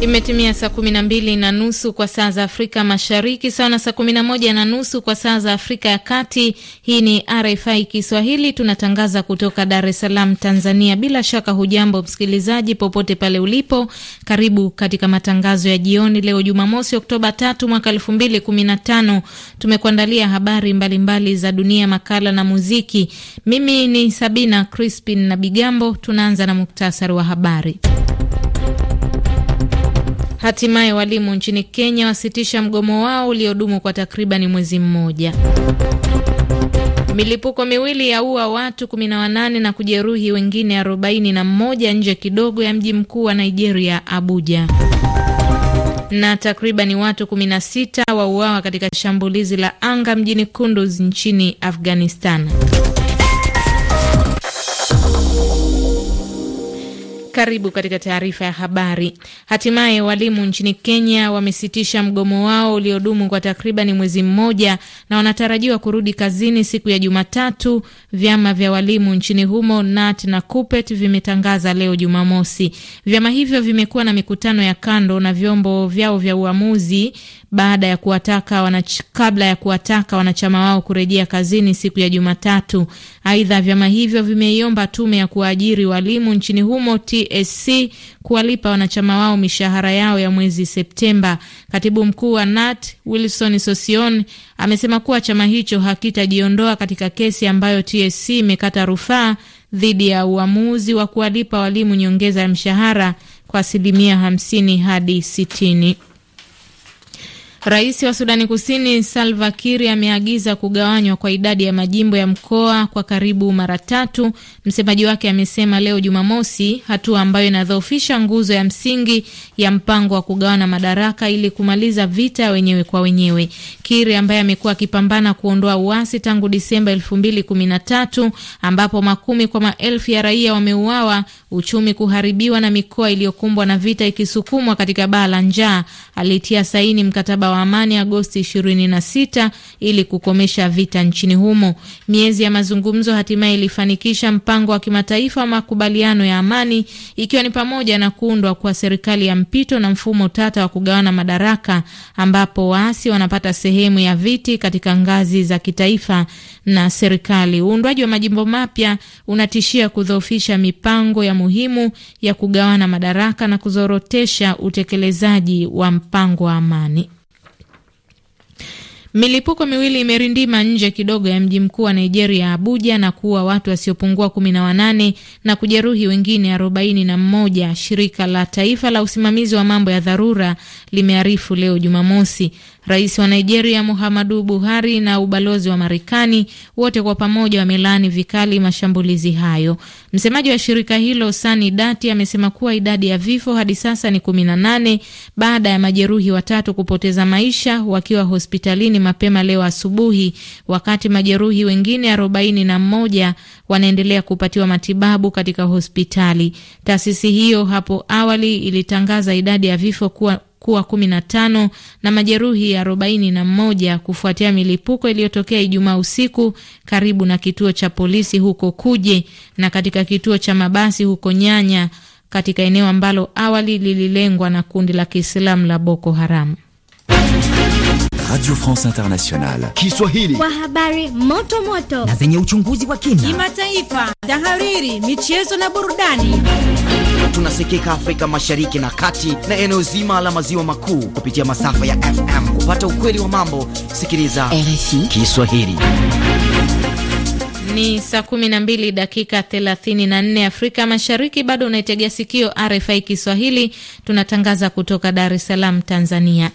Imetimia saa kumi na mbili na nusu kwa saa za Afrika Mashariki, sawa na saa kumi na moja na nusu kwa saa za Afrika ya Kati. Hii ni RFI Kiswahili, tunatangaza kutoka Dar es Salaam, Tanzania. Bila shaka hujambo msikilizaji, popote pale ulipo. Karibu katika matangazo ya jioni leo Jumamosi, Oktoba tatu mwaka elfu mbili kumi na tano. Tumekuandalia habari mbalimbali mbali za dunia, makala na muziki. Mimi ni Sabina Crispin na Bigambo. Tunaanza na muktasari wa habari. Hatimaye walimu nchini Kenya wasitisha mgomo wao uliodumu kwa takribani mwezi mmoja. Milipuko miwili yaua watu 18 na kujeruhi wengine 41 nje kidogo ya mji mkuu wa Nigeria, Abuja. Na takribani watu 16 wauawa katika shambulizi la anga mjini Kunduz nchini Afghanistan. Karibu katika taarifa ya habari. Hatimaye walimu nchini Kenya wamesitisha mgomo wao uliodumu kwa takribani mwezi mmoja na wanatarajiwa kurudi kazini siku ya Jumatatu. Vyama vya walimu nchini humo NAT na KUPET vimetangaza leo Jumamosi. Vyama hivyo vimekuwa na mikutano ya kando na vyombo vyao vya uamuzi baada ya kuwataka wanach... kabla ya kuwataka wanachama wao kurejea kazini siku ya Jumatatu. Aidha, vyama hivyo vimeiomba tume ya kuwaajiri walimu nchini humo TSC kuwalipa wanachama wao mishahara yao ya mwezi Septemba. Katibu mkuu wa NAT Wilson Sosion amesema kuwa chama hicho hakitajiondoa katika kesi ambayo TSC imekata rufaa dhidi ya uamuzi wa kuwalipa walimu nyongeza ya mshahara kwa asilimia 50 hadi 60. Rais wa Sudani Kusini Salva Kiir ameagiza kugawanywa kwa idadi ya majimbo ya mkoa kwa karibu mara tatu, msemaji wake amesema leo Jumamosi, hatua ambayo inadhoofisha nguzo ya msingi ya mpango wa kugawana madaraka ili kumaliza vita ya wenyewe kwa wenyewe. Kiir ambaye amekuwa akipambana kuondoa uasi tangu Disemba 2013 ambapo makumi kwa maelfu ya raia wameuawa, uchumi kuharibiwa na mikoa iliyokumbwa na vita ikisukumwa katika baa la njaa, alitia saini mkataba wa amani Agosti 26 ili kukomesha vita nchini humo. Miezi ya mazungumzo hatimaye ilifanikisha mpango wa kimataifa wa makubaliano ya amani, ikiwa ni pamoja na kuundwa kwa serikali ya mpito na mfumo tata wa kugawana madaraka, ambapo waasi wanapata sehemu ya viti katika ngazi za kitaifa na serikali. Uundwaji wa majimbo mapya unatishia kudhoofisha mipango ya muhimu ya kugawana madaraka na kuzorotesha utekelezaji wa mpango wa amani. Milipuko miwili imerindima nje kidogo ya mji mkuu wa Nigeria, Abuja, na kuua watu wasiopungua kumi na wanane na kujeruhi wengine arobaini na mmoja. Shirika la taifa la usimamizi wa mambo ya dharura limearifu leo Jumamosi. Rais wa Nigeria Muhammadu Buhari na ubalozi wa Marekani wote kwa pamoja wamelaani vikali mashambulizi hayo. Msemaji wa shirika hilo Sani Dati amesema kuwa idadi ya vifo hadi sasa ni 18 baada ya majeruhi watatu kupoteza maisha wakiwa hospitalini mapema leo asubuhi, wakati majeruhi wengine 41 wanaendelea kupatiwa matibabu katika hospitali. Taasisi hiyo hapo awali ilitangaza idadi ya vifo kuwa kuwa 15 na majeruhi 41 kufuatia milipuko iliyotokea Ijumaa usiku karibu na kituo cha polisi huko Kuje na katika kituo cha mabasi huko Nyanya katika eneo ambalo awali lililengwa na kundi la Kiislamu la Boko Haram. Radio France Internationale Kiswahili kwa habari moto moto na zenye uchunguzi wa kina, kimataifa, tahariri, michezo na burudani tunasikika Afrika Mashariki na Kati na eneo zima la maziwa makuu kupitia masafa ya FM. Kupata ukweli wa mambo, sikiliza RFI Kiswahili. Ni saa 12 dakika 34 Afrika Mashariki. Bado unaitegea sikio RFI Kiswahili, tunatangaza kutoka Dar es Salaam, Tanzania.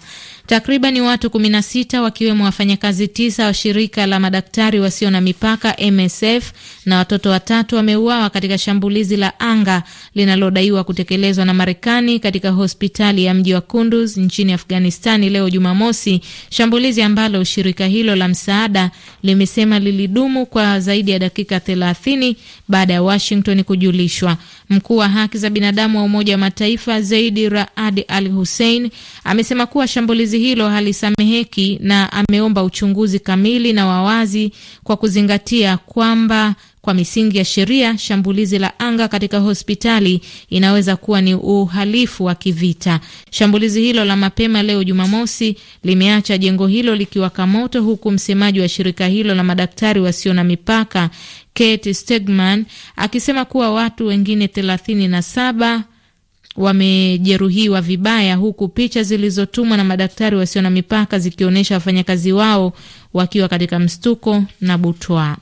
Takribani watu 16 wakiwemo wafanyakazi tisa wa shirika la madaktari wasio na mipaka MSF na watoto watatu wameuawa katika shambulizi la anga linalodaiwa kutekelezwa na Marekani katika hospitali ya mji wa Kunduz nchini Afghanistani leo Jumamosi, shambulizi ambalo shirika hilo la msaada limesema lilidumu kwa zaidi ya dakika 30 baada ya Washington kujulishwa. Mkuu wa haki za binadamu wa Umoja wa Mataifa Zaidi Raad Al Hussein amesema kuwa shambulizi shambulizi hilo halisameheki na ameomba uchunguzi kamili na wawazi kwa kuzingatia kwamba kwa misingi ya sheria shambulizi la anga katika hospitali inaweza kuwa ni uhalifu wa kivita. Shambulizi hilo la mapema leo Jumamosi limeacha jengo hilo likiwaka moto, huku msemaji wa shirika hilo la madaktari wasio na mipaka Kate Stegman akisema kuwa watu wengine 37 wamejeruhiwa vibaya, huku picha zilizotumwa na madaktari wasio na mipaka zikionyesha wafanyakazi wao wakiwa katika mstuko na butwaa.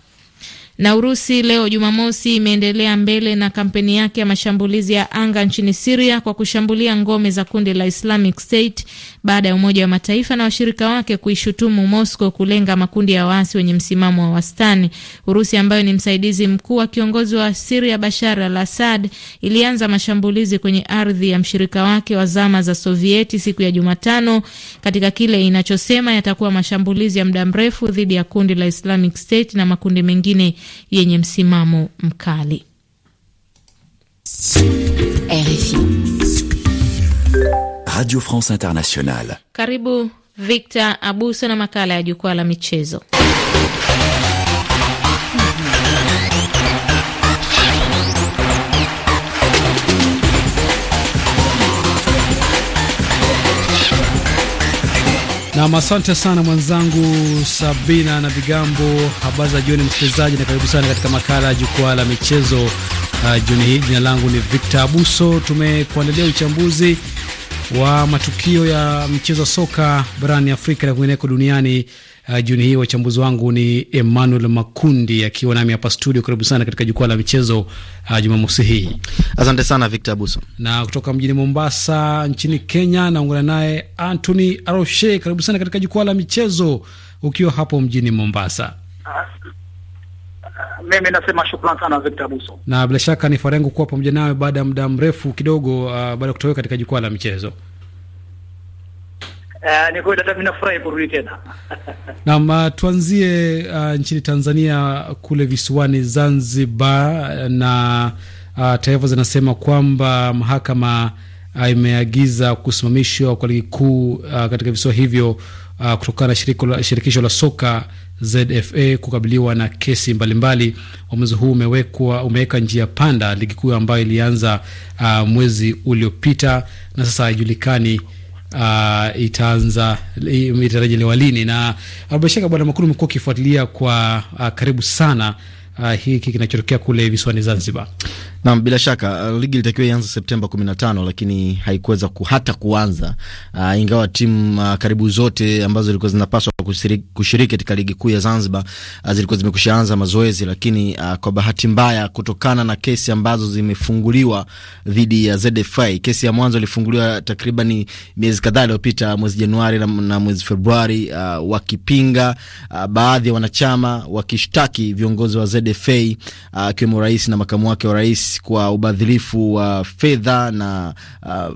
Na Urusi leo Jumamosi imeendelea mbele na kampeni yake ya mashambulizi ya anga nchini Siria kwa kushambulia ngome za kundi la Islamic State baada ya Umoja wa Mataifa na washirika wake kuishutumu Moscow kulenga makundi ya waasi wenye msimamo wa wastani. Urusi ambayo ni msaidizi mkuu wa kiongozi wa Siria Bashar al Assad ilianza mashambulizi kwenye ardhi ya mshirika wake wa zama za Sovieti siku ya Jumatano katika kile inachosema yatakuwa mashambulizi ya muda mrefu dhidi ya kundi la Islamic State na makundi mengine yenye msimamo mkali. RFI Radio France Internationale. Karibu Victor Abuso na makala ya jukwaa la michezo. Nam, asante sana mwenzangu Sabina na Vigambo. Habari za jioni msikilizaji, na karibu sana katika makala ya jukwaa la michezo uh, jioni hii. Jina langu ni Victor Abuso. Tumekuandalia uchambuzi wa matukio ya mchezo wa soka barani Afrika na kwingineko duniani uh, jioni hii wachambuzi wangu ni Emmanuel Makundi akiwa nami hapa studio. Karibu sana katika jukwaa la michezo uh, Jumamosi hii. Asante sana Victor Abuso. Na kutoka mjini Mombasa nchini Kenya naungana naye Anthony Aroshe. Karibu sana katika jukwaa la michezo ukiwa hapo mjini Mombasa. Ah, mimi nasema shukrani sana Victor Abuso, na bila shaka ni faraja yangu kuwa pamoja nawe baada ya muda mrefu kidogo, uh, baada ya kutoweka katika jukwaa la michezo. Uh, ni kweli hata mimi nafurahi kurudi tena. Naam, ah, tuanzie uh, nchini Tanzania kule visiwani Zanzibar na uh, ah, taarifa zinasema kwamba mahakama uh, imeagiza kusimamishwa kwa ligi kuu uh, katika visiwa hivyo uh, kutokana na shirikisho la soka ZFA kukabiliwa na kesi mbalimbali. Uamuzi huu umewekwa umeweka njia panda ligi kuu ambayo ilianza uh, mwezi uliopita na sasa haijulikani uh, itaanza itarajiliwa lini? Na bila shaka bwana Makuru, umekuwa ukifuatilia kwa uh, karibu sana uh, hiki kinachotokea kule visiwani Zanzibar. Naam, bila shaka ah, ligi ilitakiwa ianze Septemba 15 lakini haikuweza ku, hata kuanza uh, ingawa timu uh, karibu zote ambazo zilikuwa zinapaswa kushiriki, katika ligi kuu ya Zanzibar uh, zilikuwa zimekushaanza mazoezi, lakini uh, kwa bahati mbaya kutokana na kesi ambazo zimefunguliwa dhidi ya ZFI. Kesi ya mwanzo ilifunguliwa takriban miezi kadhaa iliyopita, mwezi Januari na, na mwezi Februari uh, wakipinga uh, baadhi ya wanachama wakishtaki viongozi wa ZFI Roger uh, akiwemo uh, rais na makamu wake wa rais kwa ubadhirifu wa uh, fedha na uh,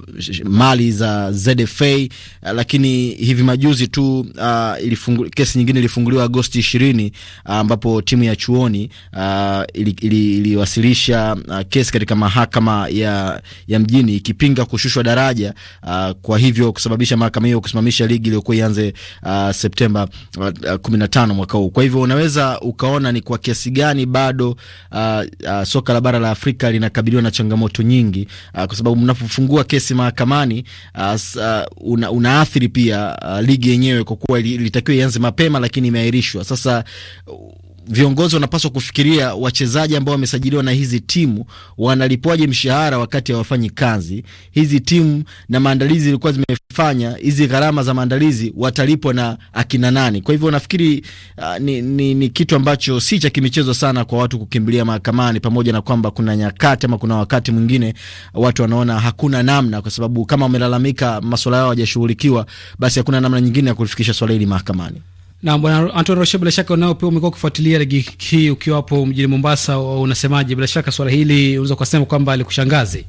mali za ZFA. Uh, lakini hivi majuzi tu uh, ilifungu, kesi nyingine ilifunguliwa Agosti ishirini uh, ambapo uh, timu ya chuoni uh, iliwasilisha ili, ili uh, kesi katika mahakama ya, ya mjini ikipinga kushushwa daraja uh, kwa hivyo kusababisha mahakama hiyo kusimamisha ligi iliyokuwa ianze uh, Septemba uh, 15 mwaka huu. Kwa hivyo unaweza ukaona ni kwa kiasi gani nadhani bado uh, uh, soka la bara la Afrika linakabiliwa na changamoto nyingi uh, kwa sababu mnapofungua kesi mahakamani uh, uh, una, unaathiri pia uh, ligi yenyewe kwa kuwa ilitakiwa ianze mapema, lakini imeahirishwa. Sasa uh, viongozi wanapaswa kufikiria wachezaji ambao wamesajiliwa na hizi timu wanalipwaje mshahara wakati hawafanyi kazi. Hizi timu na maandalizi zilikuwa zimefanya hizi gharama za maandalizi watalipwa na akina nani? Kwa hivyo nafikiri uh, ni, ni, ni kitu ambacho si cha kimichezo sana kwa watu kukimbilia mahakamani, pamoja na kwamba kuna nyakati ama kuna wakati mwingine watu wanaona hakuna namna, kwa sababu kama wamelalamika masuala yao hajashughulikiwa, basi hakuna namna nyingine ya kulifikisha swala hili mahakamani. Na bwana Anton Roshe, bila shaka unao pia umekuwa ukifuatilia ligi hii ukiwa hapo mjini Mombasa, unasemaje? Bila shaka swala hili unaweza kusema kwamba alikushangazi.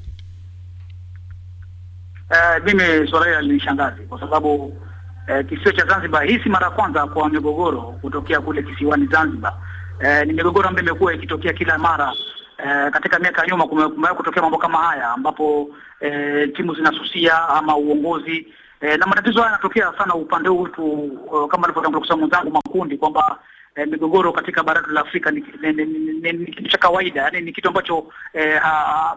Eh, mimi uh, swala hili alinishangazi kwa sababu uh, kisiwa cha Zanzibar, hii si mara ya kwanza kwa migogoro kutokea kule kisiwani Zanzibar. Uh, ni migogoro ambayo imekuwa ikitokea kila mara. Uh, katika miaka ya nyuma kumekuwa kutokea mambo kama haya ambapo uh, timu zinasusia ama uongozi E, na matatizo haya yanatokea sana upande huu wetu, uh, kama alivyotangulia kusema mwenzangu Makundi kwamba eh, migogoro katika bara la Afrika ni, ni, ni, ni, ni kitu cha kawaida, yaani ni kitu ambacho eh,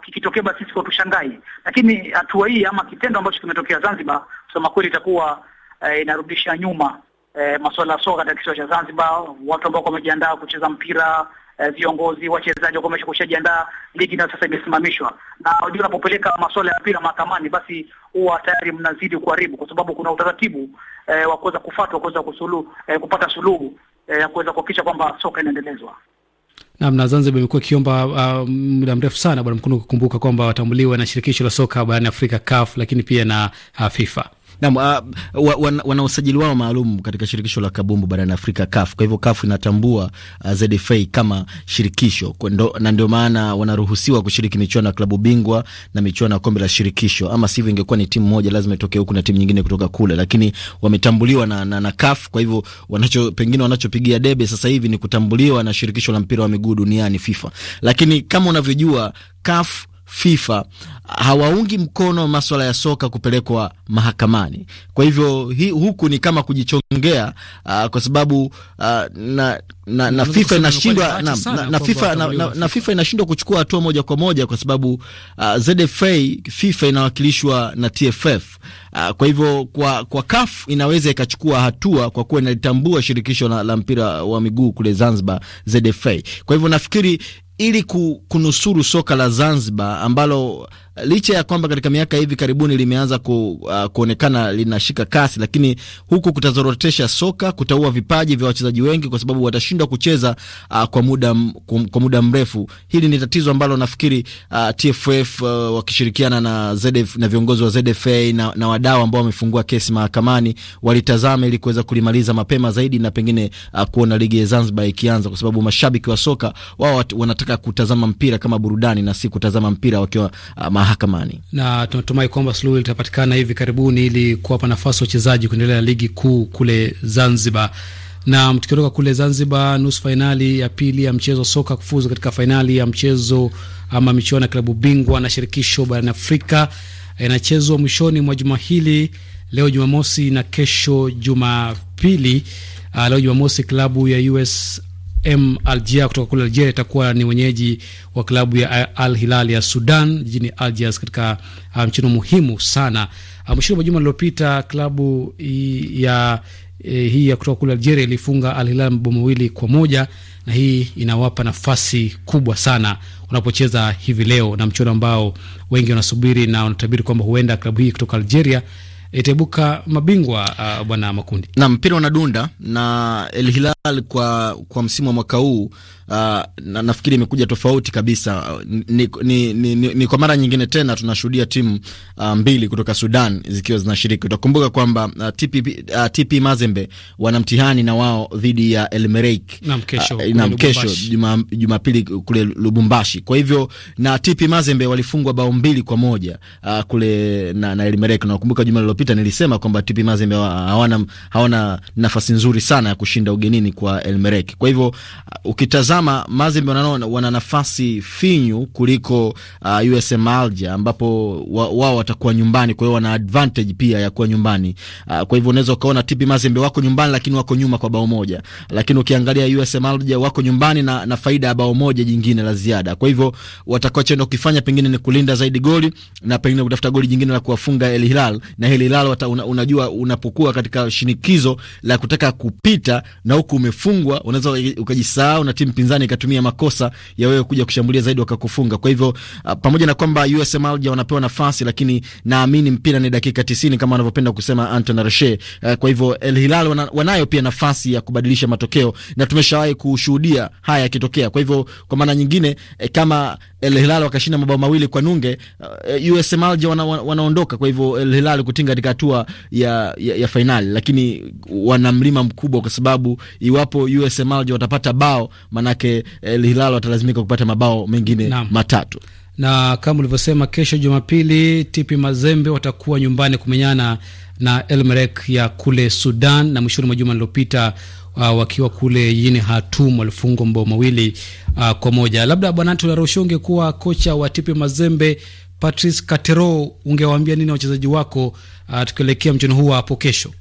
kikitokea basi sisi tushangai, lakini hatua hii ama kitendo ambacho kimetokea Zanzibar kusema kweli itakuwa eh, inarudisha nyuma eh, masuala ya soka katika kisiwa cha Zanzibar, watu ambao wamejiandaa kucheza mpira Eh, viongozi, wachezaji wakomesha kushajiandaa, ligi nayo sasa imesimamishwa. Na unajua, unapopeleka masuala ya mpira mahakamani, basi huwa tayari mnazidi kuharibu, kwa sababu kuna utaratibu uh, wa kuweza kufatwa kuweza kusulu uh, kupata suluhu ya kuweza kuhakikisha kwamba soka inaendelezwa. nam na Zanzibar imekuwa ikiomba uh, muda mrefu sana bwana Mkunu kukumbuka kwamba watambuliwe na shirikisho la soka barani Afrika CAF, lakini pia na uh, FIFA Naam, uh, ah, wana usajili wao maalum katika shirikisho la kabumbu barani Afrika CAF. Kwa hivyo CAF inatambua uh, ah, ZFA kama shirikisho Kwendo, na ndio maana wanaruhusiwa kushiriki michuano ya klabu bingwa na michuano ya kombe la shirikisho. Ama sivyo ingekuwa ni timu moja lazima itokee huku na timu nyingine kutoka kule, lakini wametambuliwa na, na, na CAF. Kwa hivyo wanacho pengine wanachopigia debe sasa hivi ni kutambuliwa na shirikisho la mpira wa miguu duniani FIFA, lakini kama unavyojua CAF FIFA hawaungi mkono maswala ya soka kupelekwa mahakamani. Kwa hivyo hi, huku ni kama kujichongea uh, kwa sababu uh, na, na, na FIFA inashindwa na, na, na na, na, na FIFA inashindwa kuchukua hatua moja kwa moja kwa sababu uh, ZFA FIFA inawakilishwa na TFF uh, kwa hivyo kwa, kwa CAF inaweza ikachukua hatua kwa kuwa inalitambua shirikisho la, la mpira wa miguu kule Zanzibar ZFA. Kwa hivyo nafikiri ili kunusuru soka la Zanzibar ambalo licha ya kwamba katika miaka hivi karibuni limeanza ku, uh, kuonekana linashika kasi, lakini huku kutazorotesha soka, kutaua vipaji vya wachezaji wengi, kwa sababu watashindwa kucheza uh, kwa muda kwa muda mrefu. Hili ni tatizo ambalo nafikiri uh, TFF uh, wakishirikiana na ZF, na viongozi wa ZFA na, na wadau ambao wamefungua kesi mahakamani walitazama ili kuweza kulimaliza mapema zaidi na pengine uh, kuona ligi ya Zanzibar ikianza, kwa sababu mashabiki wa soka wao wanataka kutazama mpira kama burudani na si kutazama mpira wakiwa uh, mahakamani, na tunatumai kwamba suluhu litapatikana hivi karibuni ili kuwapa nafasi wachezaji kuendelea ligi kuu kule Zanzibar. Na tukiondoka kule Zanzibar, nusu fainali ya pili ya mchezo wa soka kufuzu katika fainali ya mchezo ama michuano ya klabu bingwa na shirikisho barani Afrika eh, inachezwa mwishoni mwa juma hili leo Jumamosi na kesho Jumapili. Uh, leo Jumamosi klabu ya US M Alger kutoka kule Algeria itakuwa ni wenyeji wa klabu ya Al Hilal ya Sudan jijini Algiers katika mchezo uh, muhimu sana uh, mwishoni um, mwa juma lililopita klabu ya e, hii ya kutoka kule Algeria ilifunga Al Hilal mabao mawili kwa moja na hii inawapa nafasi kubwa sana unapocheza hivi leo, na mchuano ambao wengi wanasubiri na wanatabiri kwamba huenda klabu hii kutoka Algeria itaibuka mabingwa. Uh, bwana Makundi, na mpira unadunda na Al Hilal Real kwa, kwa msimu wa mwaka huu uh, na, nafikiri imekuja tofauti kabisa. Ni, ni, ni, ni, ni kwa mara nyingine tena tunashuhudia timu uh, mbili kutoka Sudan zikiwa zinashiriki. Utakumbuka kwamba uh, TP, uh, TP Mazembe wana mtihani na wao dhidi ya El Merreikh na mkesho Jumapili kule Lubumbashi. Kwa hivyo na TP Mazembe walifungwa bao mbili kwa moja uh, kule na, na El Merreikh. Nakumbuka juma lililopita nilisema kwamba TP Mazembe hawana hawana nafasi nzuri sana ya kushinda ugenini kwa Elmerek. Kwa hivyo uh, ukitazama Mazembe wana nafasi finyu kuliko uh, USM Alger ambapo wao wa watakuwa nyumbani, kwa hiyo wana advantage pia ya kuwa nyumbani. Uh, kwa hivyo unaweza ukaona TP Mazembe wako nyumbani lakini wako nyuma kwa bao moja, lakini ukiangalia USM Alger wako nyumbani na, na faida ya bao moja jingine la ziada. Kwa hivyo watakachoenda kukifanya pengine ni kulinda zaidi goli na pengine kutafuta goli jingine la kuwafunga El Hilal, na El Hilal una, unajua unapokuwa katika shinikizo la kutaka kupita na huku umefungwa, unaweza ukajisahau na timu pinzani ikatumia makosa ya wewe kuja kushambulia zaidi wakakufunga. Kwa hivyo uh, pamoja na kwamba USM Alger wanapewa nafasi, lakini naamini mpira ni dakika 90 kama wanavyopenda kusema Anton Arshe. Uh, kwa hivyo El Hilal wana, wanayo pia nafasi ya kubadilisha matokeo na tumeshawahi kushuhudia haya yakitokea. Kwa hivyo kwa maana nyingine eh, kama El Hilal wakashinda mabao mawili kwa nunge. Uh, USM Alger wana, wanaondoka kwa hivyo El Hilal kutinga katika hatua ya, ya, ya fainali, lakini wana mlima mkubwa kwa sababu iwapo USM Alger watapata bao manake El Hilal watalazimika kupata mabao mengine na matatu na kama ulivyosema, kesho Jumapili Tipi Mazembe watakuwa nyumbani kumenyana na Elmerek ya kule Sudan, na mwishoni mwa juma lililopita uh, wakiwa kule jijini Hatum walifungwa mabao mawili uh, kwa moja. Labda bwana Antony Arosho, ungekuwa kocha wa TP Mazembe Patrice katero ungewaambia nini wachezaji wako uh, tukielekea mchezo huu hapo kesho?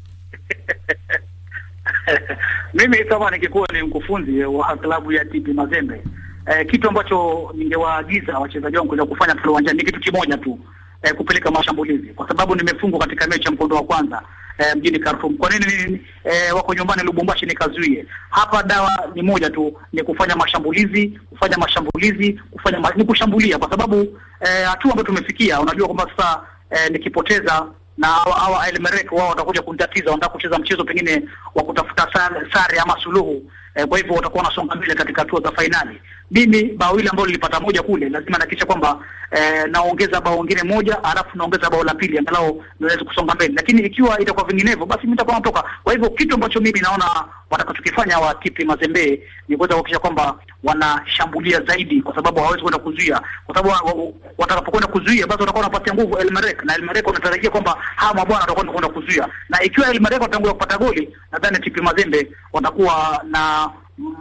Mimi kama nikikuwa ni mkufunzi wa klabu ya TP Mazembe eh, kitu ambacho ningewaagiza wachezaji wangu kuja kufanya pale uwanjani ni kitu kimoja tu eh, kupeleka mashambulizi, kwa sababu nimefungwa katika mechi ya mkondo wa kwanza eh, mjini Khartoum. Kwa nini eh, wako nyumbani Lubumbashi nikazuie? Hapa dawa ni moja tu, ni kufanya mashambulizi, kufanya mashambulizi, kufanya ma, ni kushambulia, kwa sababu eh, hatua eh, ambayo tumefikia, unajua kwamba sasa eh, nikipoteza na hawa El Merreikh wao watakuja kunitatiza, wanataka kucheza mchezo pengine wa kutafuta sare ama suluhu eh, kwa hivyo watakuwa wanasonga mbele katika hatua za fainali. Mimi bao hili ambalo nilipata moja kule, lazima nahakikisha kwamba eh, naongeza bao lingine moja, alafu naongeza bao la pili, angalau niweze kusonga mbele, lakini ikiwa itakuwa vinginevyo, basi mimi nitakuwa natoka. Kwa hivyo kitu ambacho mimi naona watakachokifanya wa TP Mazembe ni kuweza kuhakikisha kwamba wanashambulia zaidi, kwa sababu hawawezi kwenda kuzuia, kwa sababu watakapokwenda kuzuia, basi watakuwa wanapatia nguvu Elmarek, na Elmarek Merreikh wanatarajia kwamba hawa mabwana watakwenda kwenda kuzuia, na ikiwa Elmarek Merreikh kupata goli, nadhani TP Mazembe watakuwa na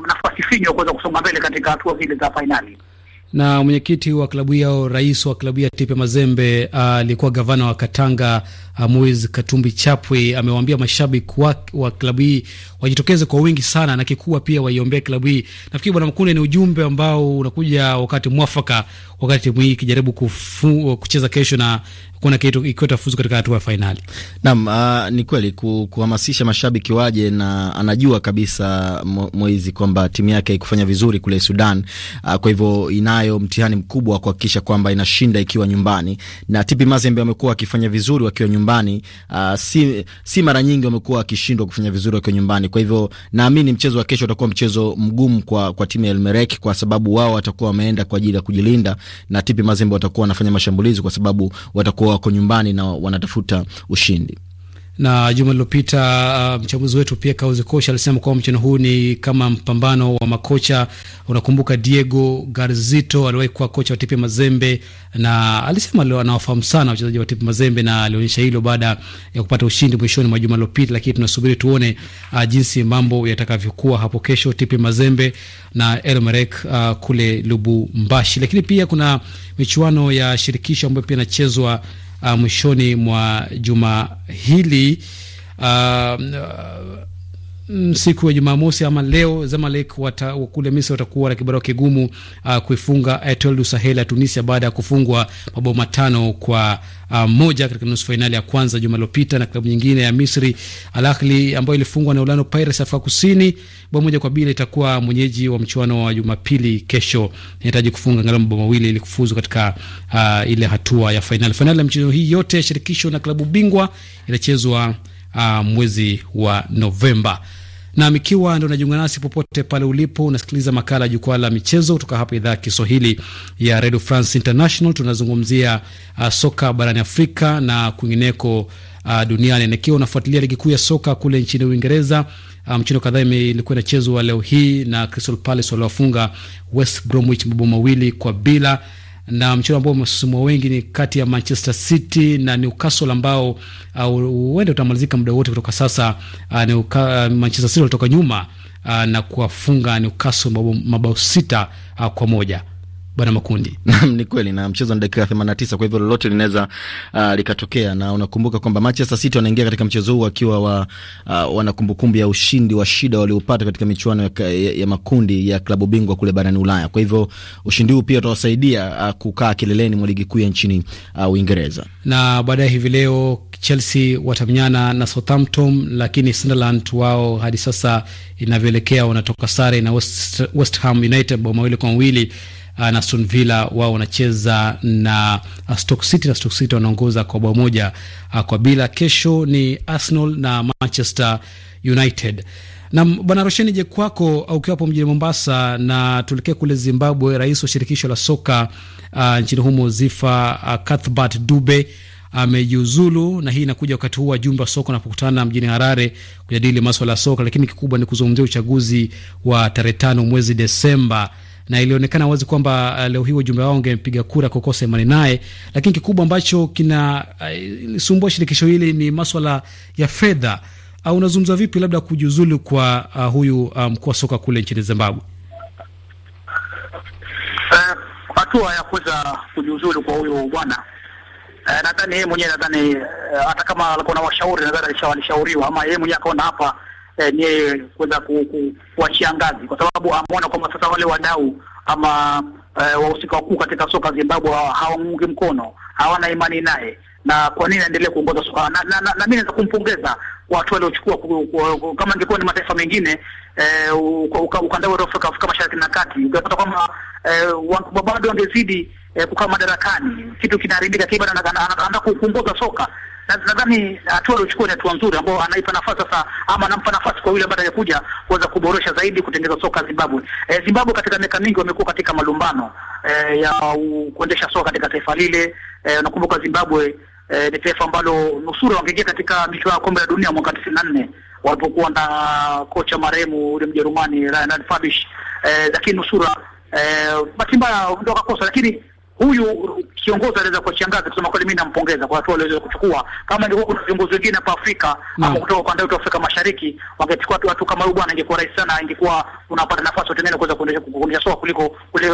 nafasi finyo kuweza kusonga mbele katika hatua zile za fainali na mwenyekiti wa klabu yao, rais wa klabu ya Tipe Mazembe alikuwa uh, gavana wa Katanga Moise Katumbi Chapwe amewaambia mashabiki wa wa klabu hii wajitokeze kwa wingi sana na kikubwa pia waiombee klabu hii. Nafikiri Bwana Mkunde, ni ujumbe ambao unakuja wakati mwafaka, wakati timu hii ikijaribu kucheza kesho na kuna kitu ikiwa tafuzu katika hatua ya fainali. Naam, uh, ni kweli ku, kuhamasisha mashabiki waje, na anajua kabisa Moizi kwamba timu yake haikufanya vizuri kule Sudan. Uh, kwa hivyo inayo mtihani mkubwa wa kuhakikisha kwamba inashinda ikiwa nyumbani, na Tipi Mazembe wamekuwa wakifanya vizuri wakiwa nyumbani nyumbani uh, si, si mara nyingi wamekuwa wakishindwa kufanya vizuri wakiwa nyumbani. Kwa hivyo naamini mchezo wa kesho utakuwa mchezo mgumu kwa, kwa timu ya elmerek kwa sababu wao watakuwa wameenda kwa ajili ya kujilinda na Tipi Mazembe watakuwa wanafanya mashambulizi kwa sababu watakuwa wako nyumbani na wanatafuta ushindi na juma lilopita uh, mchambuzi wetu pia Kauzi Kocha alisema kwamba mchano huu ni kama mpambano wa makocha. Unakumbuka Diego Garzito aliwahi kuwa kocha wa TP Mazembe na alisema leo anawafahamu sana wachezaji wa TP Mazembe na alionyesha hilo baada ya kupata ushindi mwishoni mwa juma lilopita, lakini tunasubiri tuone uh, jinsi mambo yatakavyokuwa hapo kesho TP Mazembe na Elmerek uh, kule Lubumbashi. Lakini pia kuna michuano ya shirikisho ambayo pia inachezwa uh, mwishoni mwa juma hili uh, uh, Mm, siku ya Jumamosi ama leo Zamalek wata, kule Misri watakuwa na kibarua kigumu uh, kuifunga Etoile du Sahel ya Tunisia baada ya kufungwa mabao matano kwa uh, moja katika nusu fainali ya kwanza juma lilopita, na klabu nyingine ya Misri Al Ahly ambayo ilifungwa na Orlando Pirates Afrika Kusini bao moja kwa bila itakuwa mwenyeji wa mchuano wa Jumapili kesho. Inahitaji kufunga angalau mabao mawili ili kufuzu katika uh, ile hatua ya fainali. Fainali ya michezo hii yote ya shirikisho na klabu bingwa inachezwa uh, mwezi wa Novemba na mikiwa ndo unajiunga nasi popote pale ulipo, unasikiliza makala ya jukwaa la michezo kutoka hapa idhaa ya Kiswahili ya Radio France International. Tunazungumzia uh, soka barani Afrika na kwingineko uh, duniani, na unafuatilia ligi kuu ya soka kule nchini Uingereza, uh, mchezo um, kadhaa ilikuwa inachezwa leo hii na Crystal Palace waliowafunga West Bromwich mabao mawili kwa bila na mchezo ambao umesusumua wengi ni kati ya Manchester City na Newcastle ambao uh, huenda uh, utamalizika muda wote kutoka sasa. Uh, Newca, uh, Manchester City walitoka nyuma uh, na kuwafunga Newcastle mabao sita uh, kwa moja. Bwana Makundi. Naam, ni kweli, na mchezo ni dakika 89, kwa hivyo lolote linaweza uh, likatokea, na unakumbuka kwamba Manchester City wanaingia katika mchezo huu wakiwa wa, uh, wana kumbukumbu ya ushindi wa shida waliopata katika michuano ya, ya makundi ya klabu bingwa kule barani Ulaya. Kwa hivyo ushindi huu pia utawasaidia uh, kukaa kileleni mwa ligi kuu ya nchini uh, Uingereza. Na baadaye hivi leo Chelsea watamenyana na Southampton, lakini Sunderland wao hadi sasa inavyoelekea wanatoka sare na West, West Ham United bao mawili kwa mawili Ah, na Aston Villa wao wanacheza na ah, Stoke City na Stoke City wanaongoza kwa bao moja ah, kwa bila. Kesho ni Arsenal na Manchester United. Na bwana Rosheni, je, kwako ukiwa hapo mjini Mombasa, na tuelekee kule Zimbabwe. Rais wa shirikisho la soka uh, nchini humo Zifa uh, Cuthbert Dube amejiuzulu na hii inakuja wakati huu wajumbe wa soka wanapokutana mjini Harare kujadili maswala ya soka, lakini kikubwa ni kuzungumzia uchaguzi wa tarehe tano mwezi Desemba na ilionekana wazi kwamba uh, leo hii wajumbe wao wangepiga kura kukosa imani naye, lakini kikubwa ambacho kinasumbua uh, shirikisho hili ni maswala ya fedha. Uh, unazungumza vipi labda kujiuzulu kwa uh, huyu uh, mkuu um, wa soka kule nchini Zimbabwe? Eh, hatua ya kuweza kujiuzulu kwa huyu bwana eh, nadhani yeye mwenyewe nadhani eh, hata kama alikuwa na washauri nadhani alishauriwa ama yeye mwenyewe akaona hapa yenyewe kuweza ngazi kwa sababu ameona kwamba sasa wale wadau ama eh, wahusika wakuu katika soka Zimbabwe hawamungi mkono, hawana imani naye na kwa nini aendelee kuongoza soka na, na, na, na mimi naweza kumpongeza watu waliochukua kama ingekuwa ni mataifa mengine eh, ukanda wa Afrika, Afrika Mashariki na Kati ungepata kwamba eh, bado wangezidi eh, kukaa madarakani, kitu kinaharibika, kiba kuongoza soka nadhani hatua aliochukua ni hatua nzuri, ambao anaipa nafasi sasa, ama anampa nafasi kwa yule ambaye atakuja kuweza kuboresha zaidi, kutengeneza soka Zimbabwe. E, Zimbabwe katika miaka mingi wamekuwa katika malumbano e, ya kuendesha soka katika taifa lile. E, nakumbuka Zimbabwe e, ni taifa ambalo nusura wangeingia katika michuano ya kombe la dunia mwaka 94 walipokuwa na kocha marehemu yule Mjerumani Reinhard Fabisch, e, lakini e, nusura e, bahati mbaya ndio akakosa, lakini huyu kiongozi anaweza kuwashangaza, kusema kweli, mimi nampongeza kwa hatua aliweza kuchukua. Kama ingekuwa kuna viongozi wengine hapa Afrika no. ama kutoka ukanda wetu Afrika Mashariki wangechukua tu watu kama huyu bwana, ingekuwa rahisi sana, ingekuwa unapata nafasi watu wengine kuweza kuendesha kuendesha soka kuliko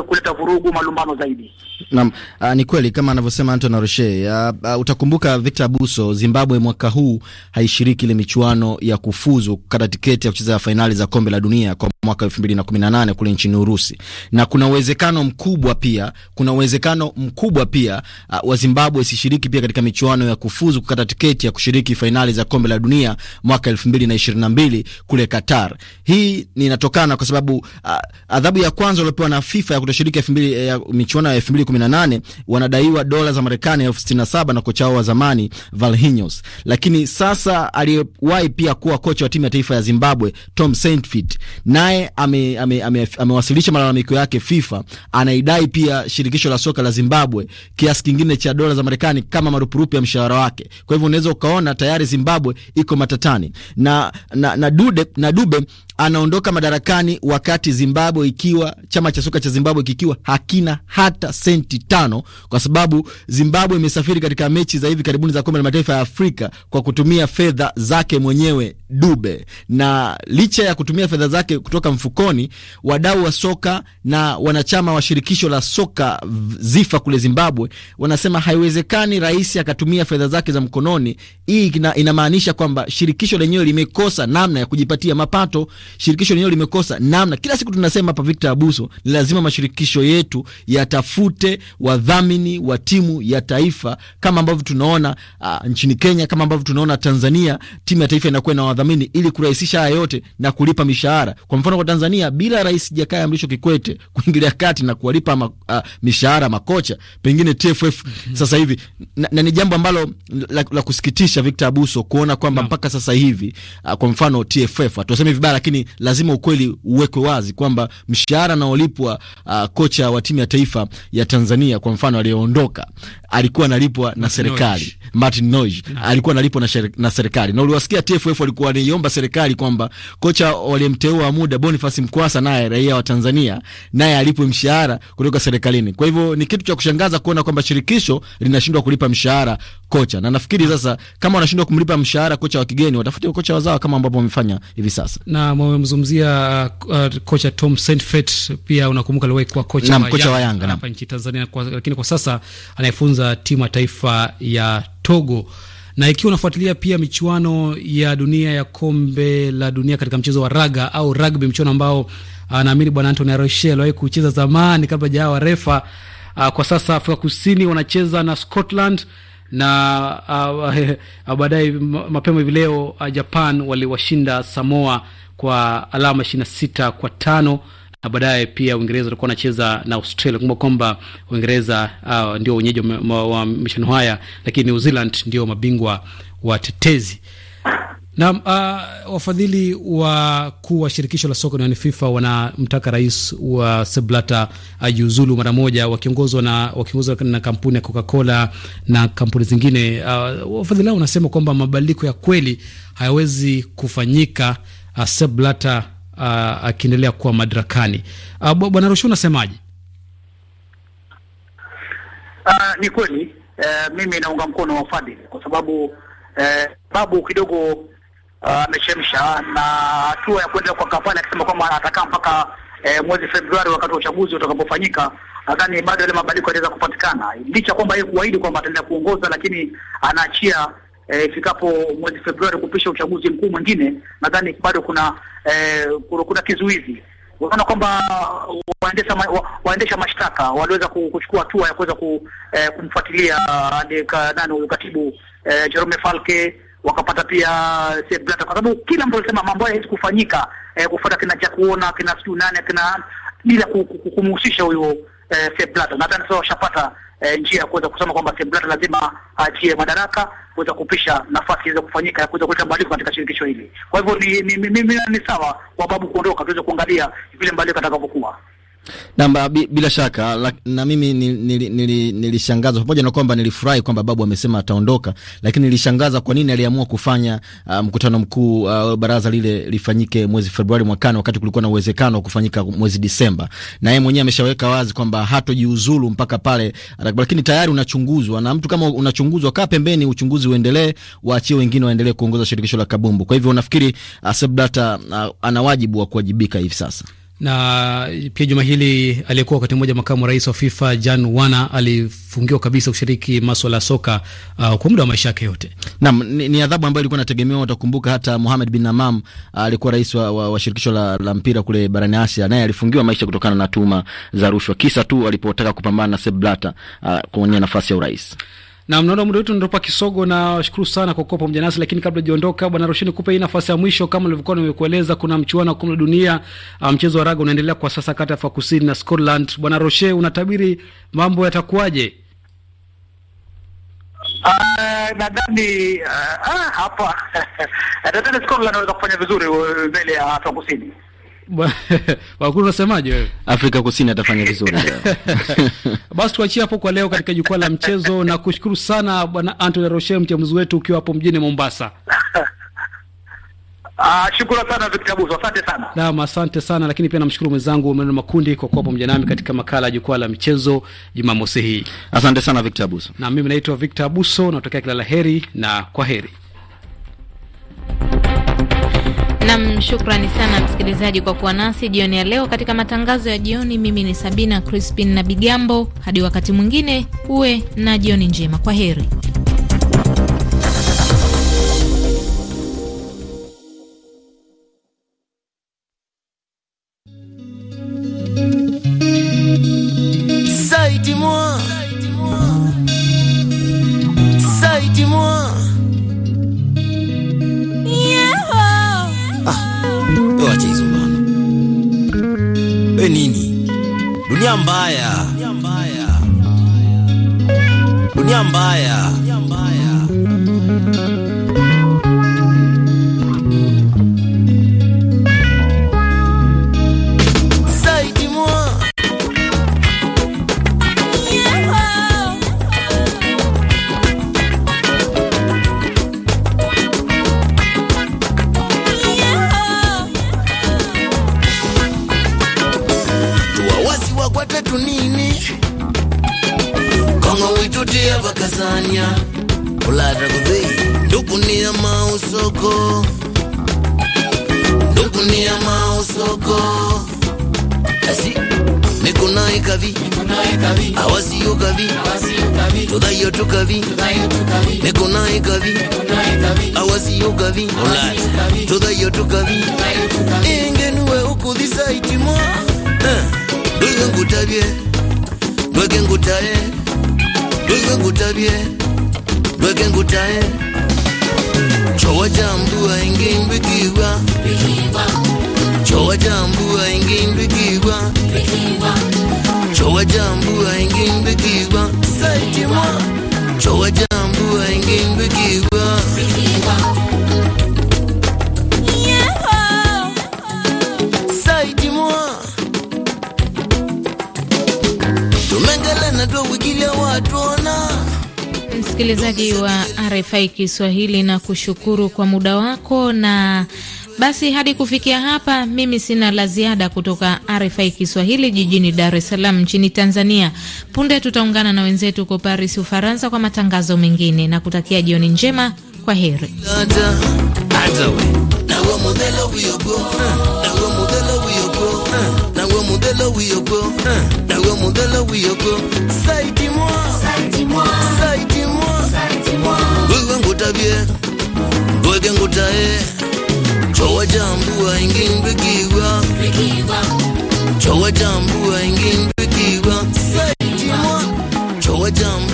kuleta vurugu malumbano zaidi. Naam, uh, ni kweli kama anavyosema Anton Aroshe. Uh, ah, ah, utakumbuka Victor Buso, Zimbabwe mwaka huu haishiriki ile michuano ya kufuzu kukata tiketi ya kucheza fainali za kombe la dunia kwa mwaka 2018 kule nchini Urusi, na kuna uwezekano mkubwa pia kuna uwezekano mkubwa pia pia uh, Wazimbabwe Zimbabwe pia katika michuano ya kufuzu kukata tiketi ya kushiriki fainali za kombe la dunia mwaka elfu mbili na na ishirini mbili kule Qatar. Hii inatokana kwa sababu uh, adhabu ya kwanza waliopewa na FIFA ya kutoshiriki ya michuano ya nane wanadaiwa dola za Marekani elfu sitini na saba na kocha wao wa zamani Valhinos, lakini sasa aliyewahi pia kuwa kocha wa timu ya taifa ya Zimbabwe Tom Saintfiet naye amewasilisha ame, ame, ame malalamiko yake FIFA, anaidai pia shirikisho la soka la Zimbabwe kiasi kingine cha dola za Marekani kama marupurupu ya mshahara wake. Kwa hivyo unaweza ukaona tayari Zimbabwe iko matatani na, na, na, Dude, na Dube anaondoka madarakani wakati Zimbabwe ikiwa chama cha soka cha Zimbabwe kikiwa hakina hata senti tano, kwa sababu Zimbabwe imesafiri katika mechi za hivi karibuni za kombe la mataifa ya Afrika kwa kutumia fedha zake mwenyewe Dube, na licha ya kutumia fedha zake kutoka mfukoni, wadau wa soka na wanachama wa shirikisho la soka ZIFA kule Zimbabwe wanasema haiwezekani rais akatumia fedha zake za mkononi. Hii inamaanisha kwamba shirikisho lenyewe limekosa namna ya kujipatia mapato shirikisho lenyewe limekosa namna. Kila siku tunasema hapa, Victor Abuso, ni lazima mashirikisho yetu yatafute wadhamini wa timu ya taifa kama ambavyo tunaona uh, nchini Kenya, kama ambavyo tunaona Tanzania, timu ya taifa inakuwa na wadhamini ili kurahisisha haya yote na kulipa mishahara. Kwa mfano, kwa Tanzania bila Rais Jakaya Mrisho Kikwete kuingilia kati na kuwalipa ma, uh, ah, mishahara makocha, pengine TFF mm -hmm. sasa hivi na, na ni jambo ambalo la, la kusikitisha Victor Abuso kuona kwamba no. mpaka sasa hivi uh, kwa mfano TFF atuseme vibaya lakini lakini lazima ukweli uwekwe wazi kwamba mshahara anaolipwa uh, kocha wa timu ya taifa ya Tanzania kwa mfano aliyeondoka alikuwa analipwa na serikali. Martin Noij alikuwa analipwa na, na serikali, na uliwasikia TFF walikuwa wanaiomba serikali kwamba kocha waliyemteua muda Boniface Mkwasa, naye raia wa Tanzania, naye alipwe mshahara kutoka serikalini. Kwa hivyo ni kitu cha kushangaza kuona kwamba shirikisho linashindwa kulipa mshahara kocha, na nafikiri sasa kama wanashindwa kumlipa mshahara kocha wa kigeni, watafute kocha wazawa kama ambavyo wamefanya hivi sasa. Na mmemzungumzia uh, uh, kocha Tom Saintfiet, pia unakumbuka aliwahi kuwa kocha na, wa kocha Yanga, wa Yanga hapa nchini Tanzania kwa, lakini kwa sasa anayefunza timu ya taifa ya Togo na ikiwa unafuatilia pia michuano ya dunia ya kombe la dunia katika mchezo wa raga au rugby, mchuano ambao uh, naamini bwana Anthony Aroche aliwahi kucheza zamani kabla jawa refa. Uh, kwa sasa Afrika Kusini wanacheza na Scotland na uh, baadaye mapema hivi leo uh, Japan waliwashinda Samoa kwa alama sita kwa tano na baadaye pia Uingereza walikuwa wanacheza na Australia. Kumbuka kwamba Uingereza uh, ndio wenyeji wa mashindano haya, lakini New Zealand ndio mabingwa watetezi. Naam, uh, wafadhili kuu wa shirikisho la soka duniani FIFA wanamtaka rais wa Seblata ajiuzulu uh, mara moja, wakiongozwa na, wakiongozwa na kampuni ya Coca-Cola na kampuni zingine. Uh, wafadhili hao wanasema kwamba mabadiliko ya kweli hayawezi kufanyika uh, Seblata uh, akiendelea kuwa madarakani. Uh, Bwana Roshu, unasemaje? Uh, ni kweli uh, mimi naunga mkono wafadhili kwa sababu uh, eh, babu kidogo Ah, amechemsha na hatua ya kuendelea kwa kampani, akisema kwamba atakaa mpaka e, mwezi Februari wakati wa uchaguzi utakapofanyika. Nadhani bado yale mabadiliko yataweza kupatikana, licha kwamba yeye kuahidi kwamba ataendelea kuongoza, lakini anaachia eh, ifikapo mwezi Februari kupisha uchaguzi mkuu mwingine. Nadhani bado kuna e, kuna kizuizi. Unaona kwamba waendesha wa, waendesha mashtaka waliweza kuchukua hatua ya kuweza kumfuatilia uh, nani huyu katibu Jerome Falke wakapata pia eh, safe data, kwa sababu kila mtu alisema mambo haya kufanyika eh, kufuata kina cha kuona kina sijui nani kina bila kumhusisha huyo eh, safe data. Nadhani sasa washapata eh, njia ya kuweza kusema kwamba safe data lazima aachie madaraka kuweza kupisha nafasi iweze kufanyika ya kuweza kuleta mabadiliko katika shirikisho hili. Kwa hivyo ni, ni, ni, ni, ni sawa kwa babu kuondoka, tuweze kuangalia vile mabadiliko atakavyokuwa. Namba, bila shaka na mimi nilishangazwa pamoja na kwamba nilifurahi kwamba babu amesema ataondoka, lakini nilishangaza kwa nini aliamua kufanya uh, mkutano um, mkuu uh, baraza lile lifanyike mwezi Februari mwakani wakati kulikuwa na uwezekano wa kufanyika mwezi Disemba, na yeye mwenyewe ameshaweka wazi kwamba hatojiuzulu mpaka pale, uh, lakini tayari unachunguzwa na mtu kama unachunguzwa, kaa pembeni, uchunguzi uendelee, waachie wengine waendelee kuongoza shirikisho la kabumbu. Kwa hivyo unafikiri uh, Seblata uh, ana wajibu wa kuwajibika hivi sasa? na pia juma hili aliyekuwa wakati mmoja makamu rais wa FIFA Jan Wana alifungiwa kabisa kushiriki maswala ya soka uh, kwa muda wa maisha yake yote. Naam, ni, ni adhabu ambayo ilikuwa inategemewa. Utakumbuka hata Mohamed bin Namam uh, alikuwa rais wa, wa, wa shirikisho la, la mpira kule barani Asia, naye alifungiwa maisha kutokana na tuhuma za rushwa, kisa tu alipotaka kupambana na Sepp Blatter uh, kuonia nafasi ya urais na mnaona muda wetu ndopa kisogo, na washukuru sana kwa kuwa pamoja nasi. Lakini kabla hujaondoka, bwana Roshini, kupe hii nafasi ya mwisho. Kama nilivyokuwa nimekueleza, kuna mchuano wa kombe dunia, uh, mchezo wa raga unaendelea kwa sasa kati ya Afrika Kusini na Scotland. Bwana Roshe, unatabiri mambo yatakuwaje? Uh, nadhani ah, ah, hapa uh, nadhani Scotland anaweza kufanya vizuri uh, mbele ya Afrika Kusini. Wakuru, unasemaje wewe? Afrika Kusini atafanya vizuri leo. Basi tuachie hapo kwa leo katika jukwaa la mchezo, na kushukuru sana bwana Anthony Roche, mchambuzi wetu, ukiwa hapo mjini Mombasa. Ah, shukrani sana Victor Buso. Asante sana. Naam, asante sana lakini pia namshukuru mwenzangu Emmanuel Makundi kwa kuwa pamoja nami katika makala ya jukwaa la michezo Jumamosi hii. Asante sana Victor Abuso. Na mimi naitwa Victor Abuso, natokea kila la heri na kwa heri. Nam, shukrani sana msikilizaji kwa kuwa nasi jioni ya leo katika matangazo ya jioni. Mimi ni Sabina Crispin na Bigambo. Hadi wakati mwingine, uwe na jioni njema. Kwa heri. Saidi moi. Saidi moi. Dunia mbaya, dunia mbaya, dunia mbaya. watatu nini kongo witutia vakazanya kulata kudhi ndukunia mausoko ndukunia mausoko asi nikunaye kavi awasiyo kavi tudhayo tu kavi nikunaye kavi awasiyo kavi tudhayo tu kavi ingenuwe ukudhisaitimo uh. Oyo ngutabye Mwege ngutaye Oyo ngutabye Mwege ngutaye Chowa jambua ingi mbikigwa Chowa jambua ingi mbikigwa Chowa jambua ingi mbikigwa Saiti mwa Chowa jambua ingi mbikigwa watu ona. Msikilizaji wa RFI Kiswahili, na kushukuru kwa muda wako na basi hadi kufikia hapa, mimi sina la ziada kutoka RFI Kiswahili jijini Dar es Salaam nchini Tanzania. Punde tutaungana na wenzetu huko Paris, Ufaransa, kwa matangazo mengine na kutakia jioni njema. Kwa heri. modèle oui au go. D'ailleurs, modèle oui au go. Ça y dis-moi. Mm. Ça y dis-moi. Ça dis-moi. Ça y dis-moi. Wewe ngota bien. Wewe eh. Chowa jambu jambua ingin bikiwa. Bikiwa. Chowa jambu jambua ingin bikiwa. Say dis-moi. Chowa jambu.